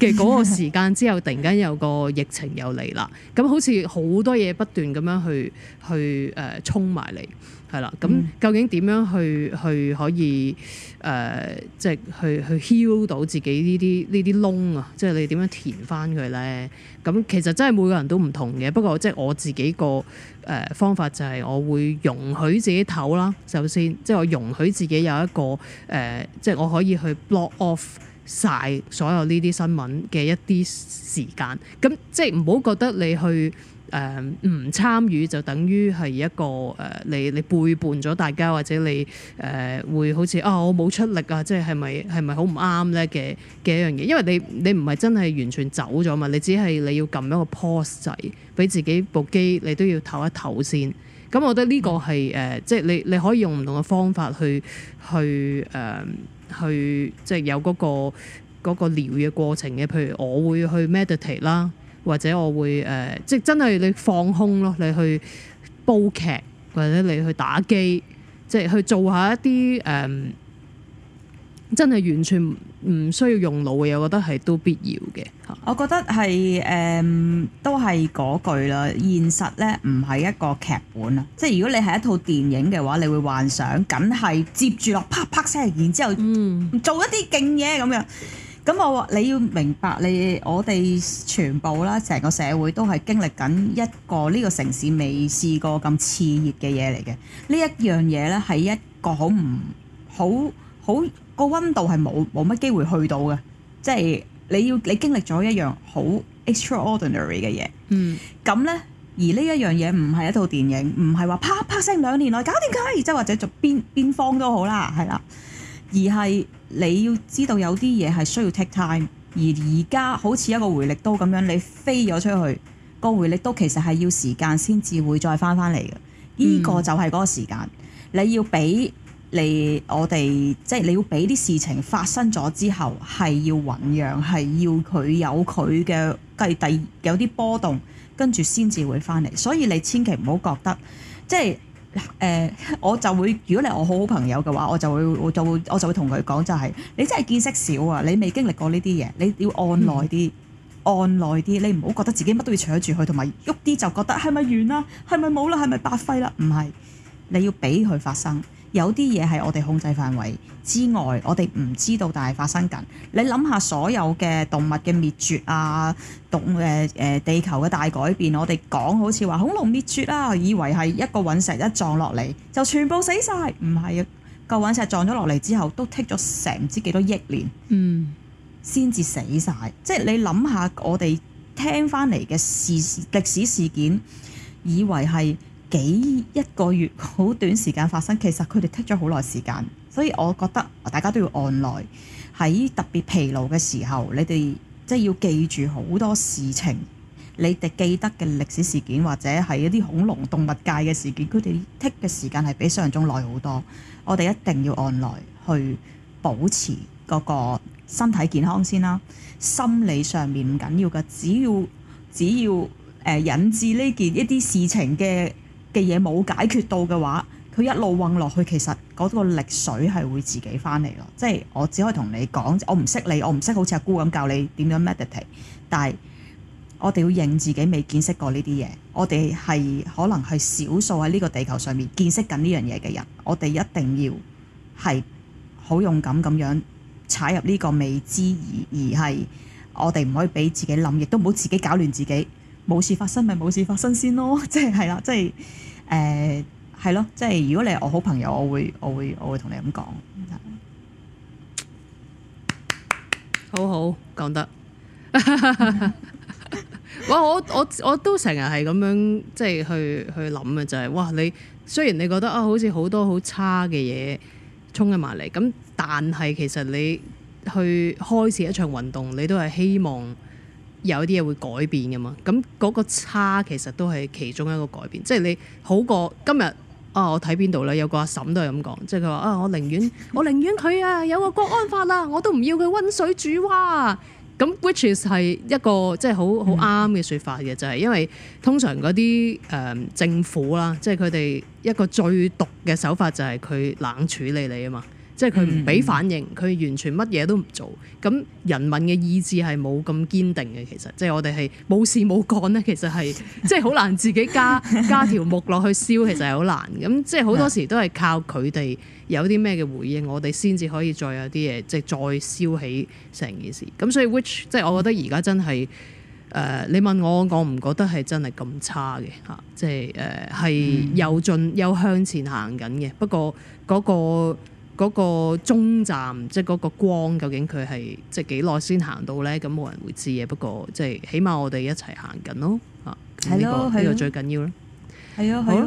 Speaker 1: 嘅嗰個時間之後， 突然間有個疫情又嚟啦，咁、嗯、好似好多嘢不斷咁樣去去誒衝埋嚟。係啦，咁究竟點樣去去可以誒、呃，即係去去 heal 到自己呢啲呢啲窿啊？即係你點樣填翻佢咧？咁其實真係每個人都唔同嘅。不過即係我自己個誒方法就係我會容許自己唞啦。首先，即係我容許自己有一個誒、呃，即係我可以去 block off 晒所有呢啲新聞嘅一啲時間。咁即係唔好覺得你去。誒唔、嗯、參與就等於係一個誒、呃，你你背叛咗大家，或者你誒、呃、會好似啊、哦，我冇出力啊，即係係咪係咪好唔啱咧嘅嘅一樣嘢？因為你你唔係真係完全走咗嘛，你只係你要撳一個 pause 仔俾自己部機，你都要唞一唞先。咁我覺得呢個係誒，即、呃、係、就是、你你可以用唔同嘅方法去去誒去，即、呃、係、就是、有嗰、那個嗰、那個療癒嘅過程嘅。譬如我會去 meditate 啦。或者我會誒、呃，即係真係你放空咯，你去煲劇或者你去打機，即係去做下一啲誒、呃，真係完全唔需要用腦嘅嘢，我覺得係都必要嘅。
Speaker 2: 我覺得係誒、呃，都係嗰句啦。現實咧唔係一個劇本啊，即係如果你係一套電影嘅話，你會幻想緊係接住落啪啪聲，然之後做一啲勁嘢咁樣。嗯。咁我話你要明白你，你我哋全部啦，成個社會都係經歷緊一個呢、呢個城市未試過咁熾熱嘅嘢嚟嘅。呢一樣嘢咧係一個好唔好好個温度係冇冇乜機會去到嘅，即係你，你要你經歷咗一樣好 extraordinary 嘅嘢。嗯，咁咧而呢一樣嘢唔係一套電影，唔係話啪啪聲兩年內搞掂佢，即係或者做邊邊方都好啦，係啦，而係。你要知道有啲嘢係需要 take time，而而家好似一個回力刀咁樣，你飛咗出去個回力刀其實係要時間先至會再翻翻嚟嘅，呢、
Speaker 1: 這個就
Speaker 2: 係嗰個時間。嗯、你要俾你我哋，即、就、係、是、你要俾啲事情發生咗之後，係要醞釀，係要佢有佢嘅計，第有啲波動，跟住先至會翻嚟。所以你千祈唔好覺得即係。就是嗱、呃，我就會，如果你係我好好朋友嘅話，我就會，我就會，我就會同佢講就係、是，你真係見識少啊，你未經歷過呢啲嘢，你要按耐啲，嗯、按耐啲，你唔好覺得自己乜都要搶住佢，同埋喐啲就覺得係咪完啦，係咪冇啦，係咪白費啦？唔係，你要畀佢發生，有啲嘢係我哋控制範圍之外，我哋唔知道，但係發生緊。你諗下，所有嘅動物嘅滅絕啊，動誒誒、呃、地球嘅大改變，我哋講好似話恐龍滅絕啦、啊，以為係一個隕石一撞落嚟就全部死晒，唔係啊。個隕石撞咗落嚟之後都剔咗成唔知幾多億年，嗯，先至死晒，即係你諗下，我哋聽翻嚟嘅事歷史事件，以為係幾一個月好短時間發生，其實佢哋剔咗好耐時間。所以我覺得大家都要按耐，喺特別疲勞嘅時候，你哋即係要記住好多事情，你哋記得嘅歷史事件或者係一啲恐龍動物界嘅事件，佢哋剔嘅時間係比想像中耐好多。我哋一定要按耐去保持嗰個身體健康先啦。心理上面唔緊要嘅，只要只要誒、呃、引致呢件一啲事情嘅嘅嘢冇解決到嘅話。佢一路混落去，其實嗰個力水係會自己翻嚟咯。即係我只可以同你講，我唔識你，我唔識好似阿姑咁教你點樣 meditate。但係我哋要認自己未見識過呢啲嘢，我哋係可能係少數喺呢個地球上面見識緊呢樣嘢嘅人。我哋一定要係好勇敢咁樣踩入呢個未知而而係，我哋唔可以俾自己諗，亦都唔好自己搞亂自己。冇事發生咪冇事發生先咯。即係，係啦、啊，即係。誒、呃。係咯，即係如果你係我
Speaker 1: 好朋友，我會我會我會同你咁講，好好講得、 就是。哇，我我我都成日係咁樣即係去去諗嘅，就係哇，你雖然你覺得啊，好似好多好差嘅嘢衝入埋嚟，咁但係其實你去開始一場運動，你都係希望有啲嘢會改變噶嘛。咁、那、嗰個差其實都係其中一個改變，即係你好過今日。啊！我睇邊度啦？有個阿嬸都係咁講，即係佢話啊，我寧願我寧願佢啊有個國安法啦、啊，我都唔要佢温水煮蛙、啊。咁 which is 係一個即係好好啱嘅説法嘅，就係、是、因為通常嗰啲誒政府啦，即係佢哋一個最毒嘅手法就係佢冷處理你啊嘛。即係佢唔俾反應，佢完全乜嘢都唔做。咁人民嘅意志係冇咁堅定嘅。其實即係我哋係冇事冇幹呢，其實係即係好難自己加 加條木落去燒，其實係好難。咁即係好多時都係靠佢哋有啲咩嘅回應，我哋先至可以再有啲嘢，即係再燒起成件事。咁所以，which 即係我覺得而家真係誒、呃，你問我，我唔覺得係真係咁差嘅嚇。即係誒係有進有向前行緊嘅。不過嗰、嗰個。嗰個終站，即係嗰個光，究竟佢係即係幾耐先行到咧？咁冇人會知嘅。不過即係起碼我哋一齊行緊咯，嚇係咯，呢、這個、的個最緊要咯。係啊，係啊，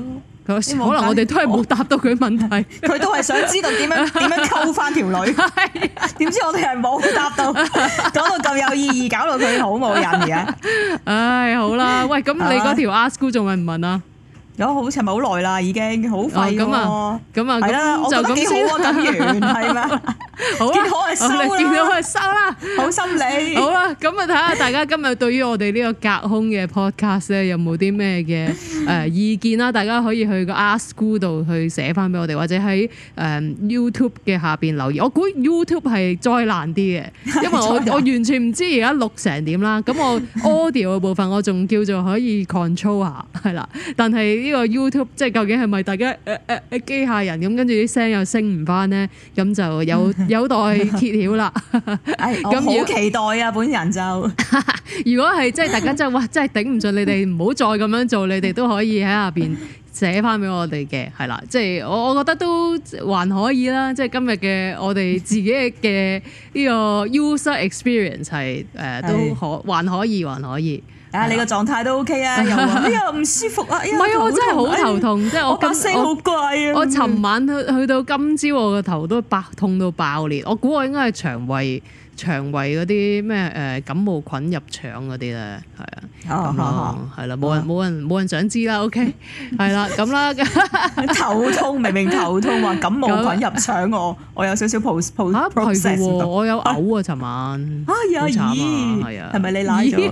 Speaker 1: 吧可能我哋都係冇答到佢問題，佢都係想知道點樣點
Speaker 2: 樣溝翻條女。點 的知我哋係冇答
Speaker 1: 到，講到咁有意義，搞到佢好冇癮嘅。唉、 哎，好啦，喂，咁你嗰條
Speaker 2: ASKGOO 仲問唔問啊？咗好似唔係好耐啦，已經好快、哦、啊。咁啊，係啦了，就咁好,
Speaker 1: 好啊，等完係咩？好，見到係收啦，見收啦，好心理。好啊，咁啊，睇下大家今日對於我哋呢個隔空嘅 podcast 咧，有冇啲咩嘅誒意見啦？ 大家可以去個 ASKGOO 度去寫翻俾我哋，或者喺誒 YouTube 嘅下邊留言。我估 YouTube 係災難啲嘅，因為我難我完全唔知而家錄成點啦。咁我 audio 嘅部分我仲叫做可以 control 下，係啦，但係呢個 YouTube 即係究竟係咪大家誒誒誒機械人咁，跟住啲聲又升唔翻咧，咁就有有待揭曉啦。
Speaker 2: 咁 好、 哎、期待啊！本人就
Speaker 1: 如果係即係大家真係哇，真係頂唔順，你哋唔好再咁樣做，你哋都可以喺下邊寫翻俾我哋嘅係啦。即係我我覺得都還可以啦。即係今日嘅我哋自己嘅呢個 user experience 係誒、 呃、都可還可以還可以。還可以啊！你個狀態都 OK 啊，又唔、
Speaker 2: 哎、舒服啊，因、哎、為頭痛，我真係好頭痛，即係唉我個今聲好
Speaker 1: 怪啊我！我尋晚去去到今朝，我個頭都爆痛到爆裂，我估我應該係腸胃。腸胃嗰啲咩誒感冒菌入腸嗰啲咧，係啊，咁咯，係啦，冇人冇人冇人想知啦，OK，係啦，咁啦，頭痛明明頭痛話感冒菌入腸我我有少少 pro p o c e 我有嘔啊，尋晚啊，好慘啊，係啊，係咪你拉咗？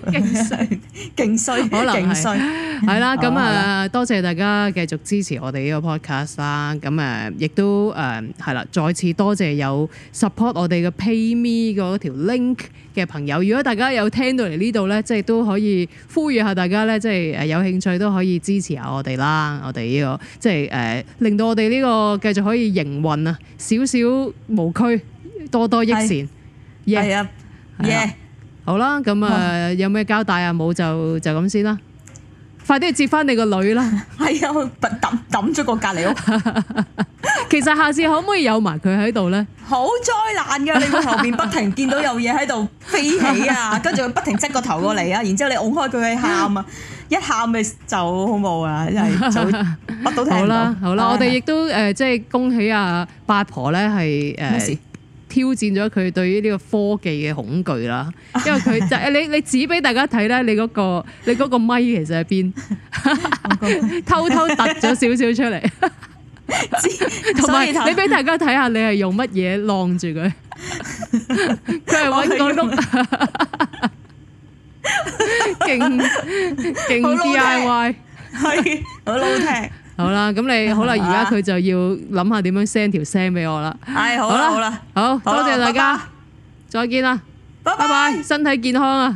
Speaker 1: 勁衰可能勁衰！係啦，咁啊，多謝大家繼續支持我哋呢個 podcast 啦，咁誒，亦都誒係啦，再次多謝有 support 我哋嘅 pay me 個。嗰條 link 嘅朋友，如果大家有聽到嚟呢度呢，即係都可以呼籲下大家呢，即係誒有興趣都可以支持下我哋啦，我哋呢個即係誒、呃、令到我哋呢個繼續可以營運啊，少少無拘，多多益善，yeah，yeah，好啦，咁啊，有咩交代啊？冇就就咁先啦。快啲接翻你個女啦！係啊，佢抌抌咗個隔離屋。其實下次可唔可以有埋佢喺度咧？ 好災難噶！你個後面不停見到
Speaker 2: 有嘢喺度飛起啊，跟住佢不停側個頭過嚟啊，然之後你㧬開佢去喊啊，一喊咪就好恐怖啊，一係就揼到聽到好啦，好啦，哎、呀我哋
Speaker 1: 亦都誒，即係恭喜啊，八婆咧係誒。挑戰咗佢對於呢個科技嘅恐懼啦，因為佢就 你你指俾大家睇咧、那個，你嗰個你嗰個咪其實喺邊， 偷偷突咗少少出嚟，同埋 有以你俾大家睇下你係用乜嘢晾住佢，佢係揾嗰個勁勁 DIY，係好係。好啦，咁你好啦，而家佢就要諗下點樣 send 條聲俾我啦。係，好啦，好啦，好啦，多謝大家，再見啦，拜拜，bye bye，身體健康啊！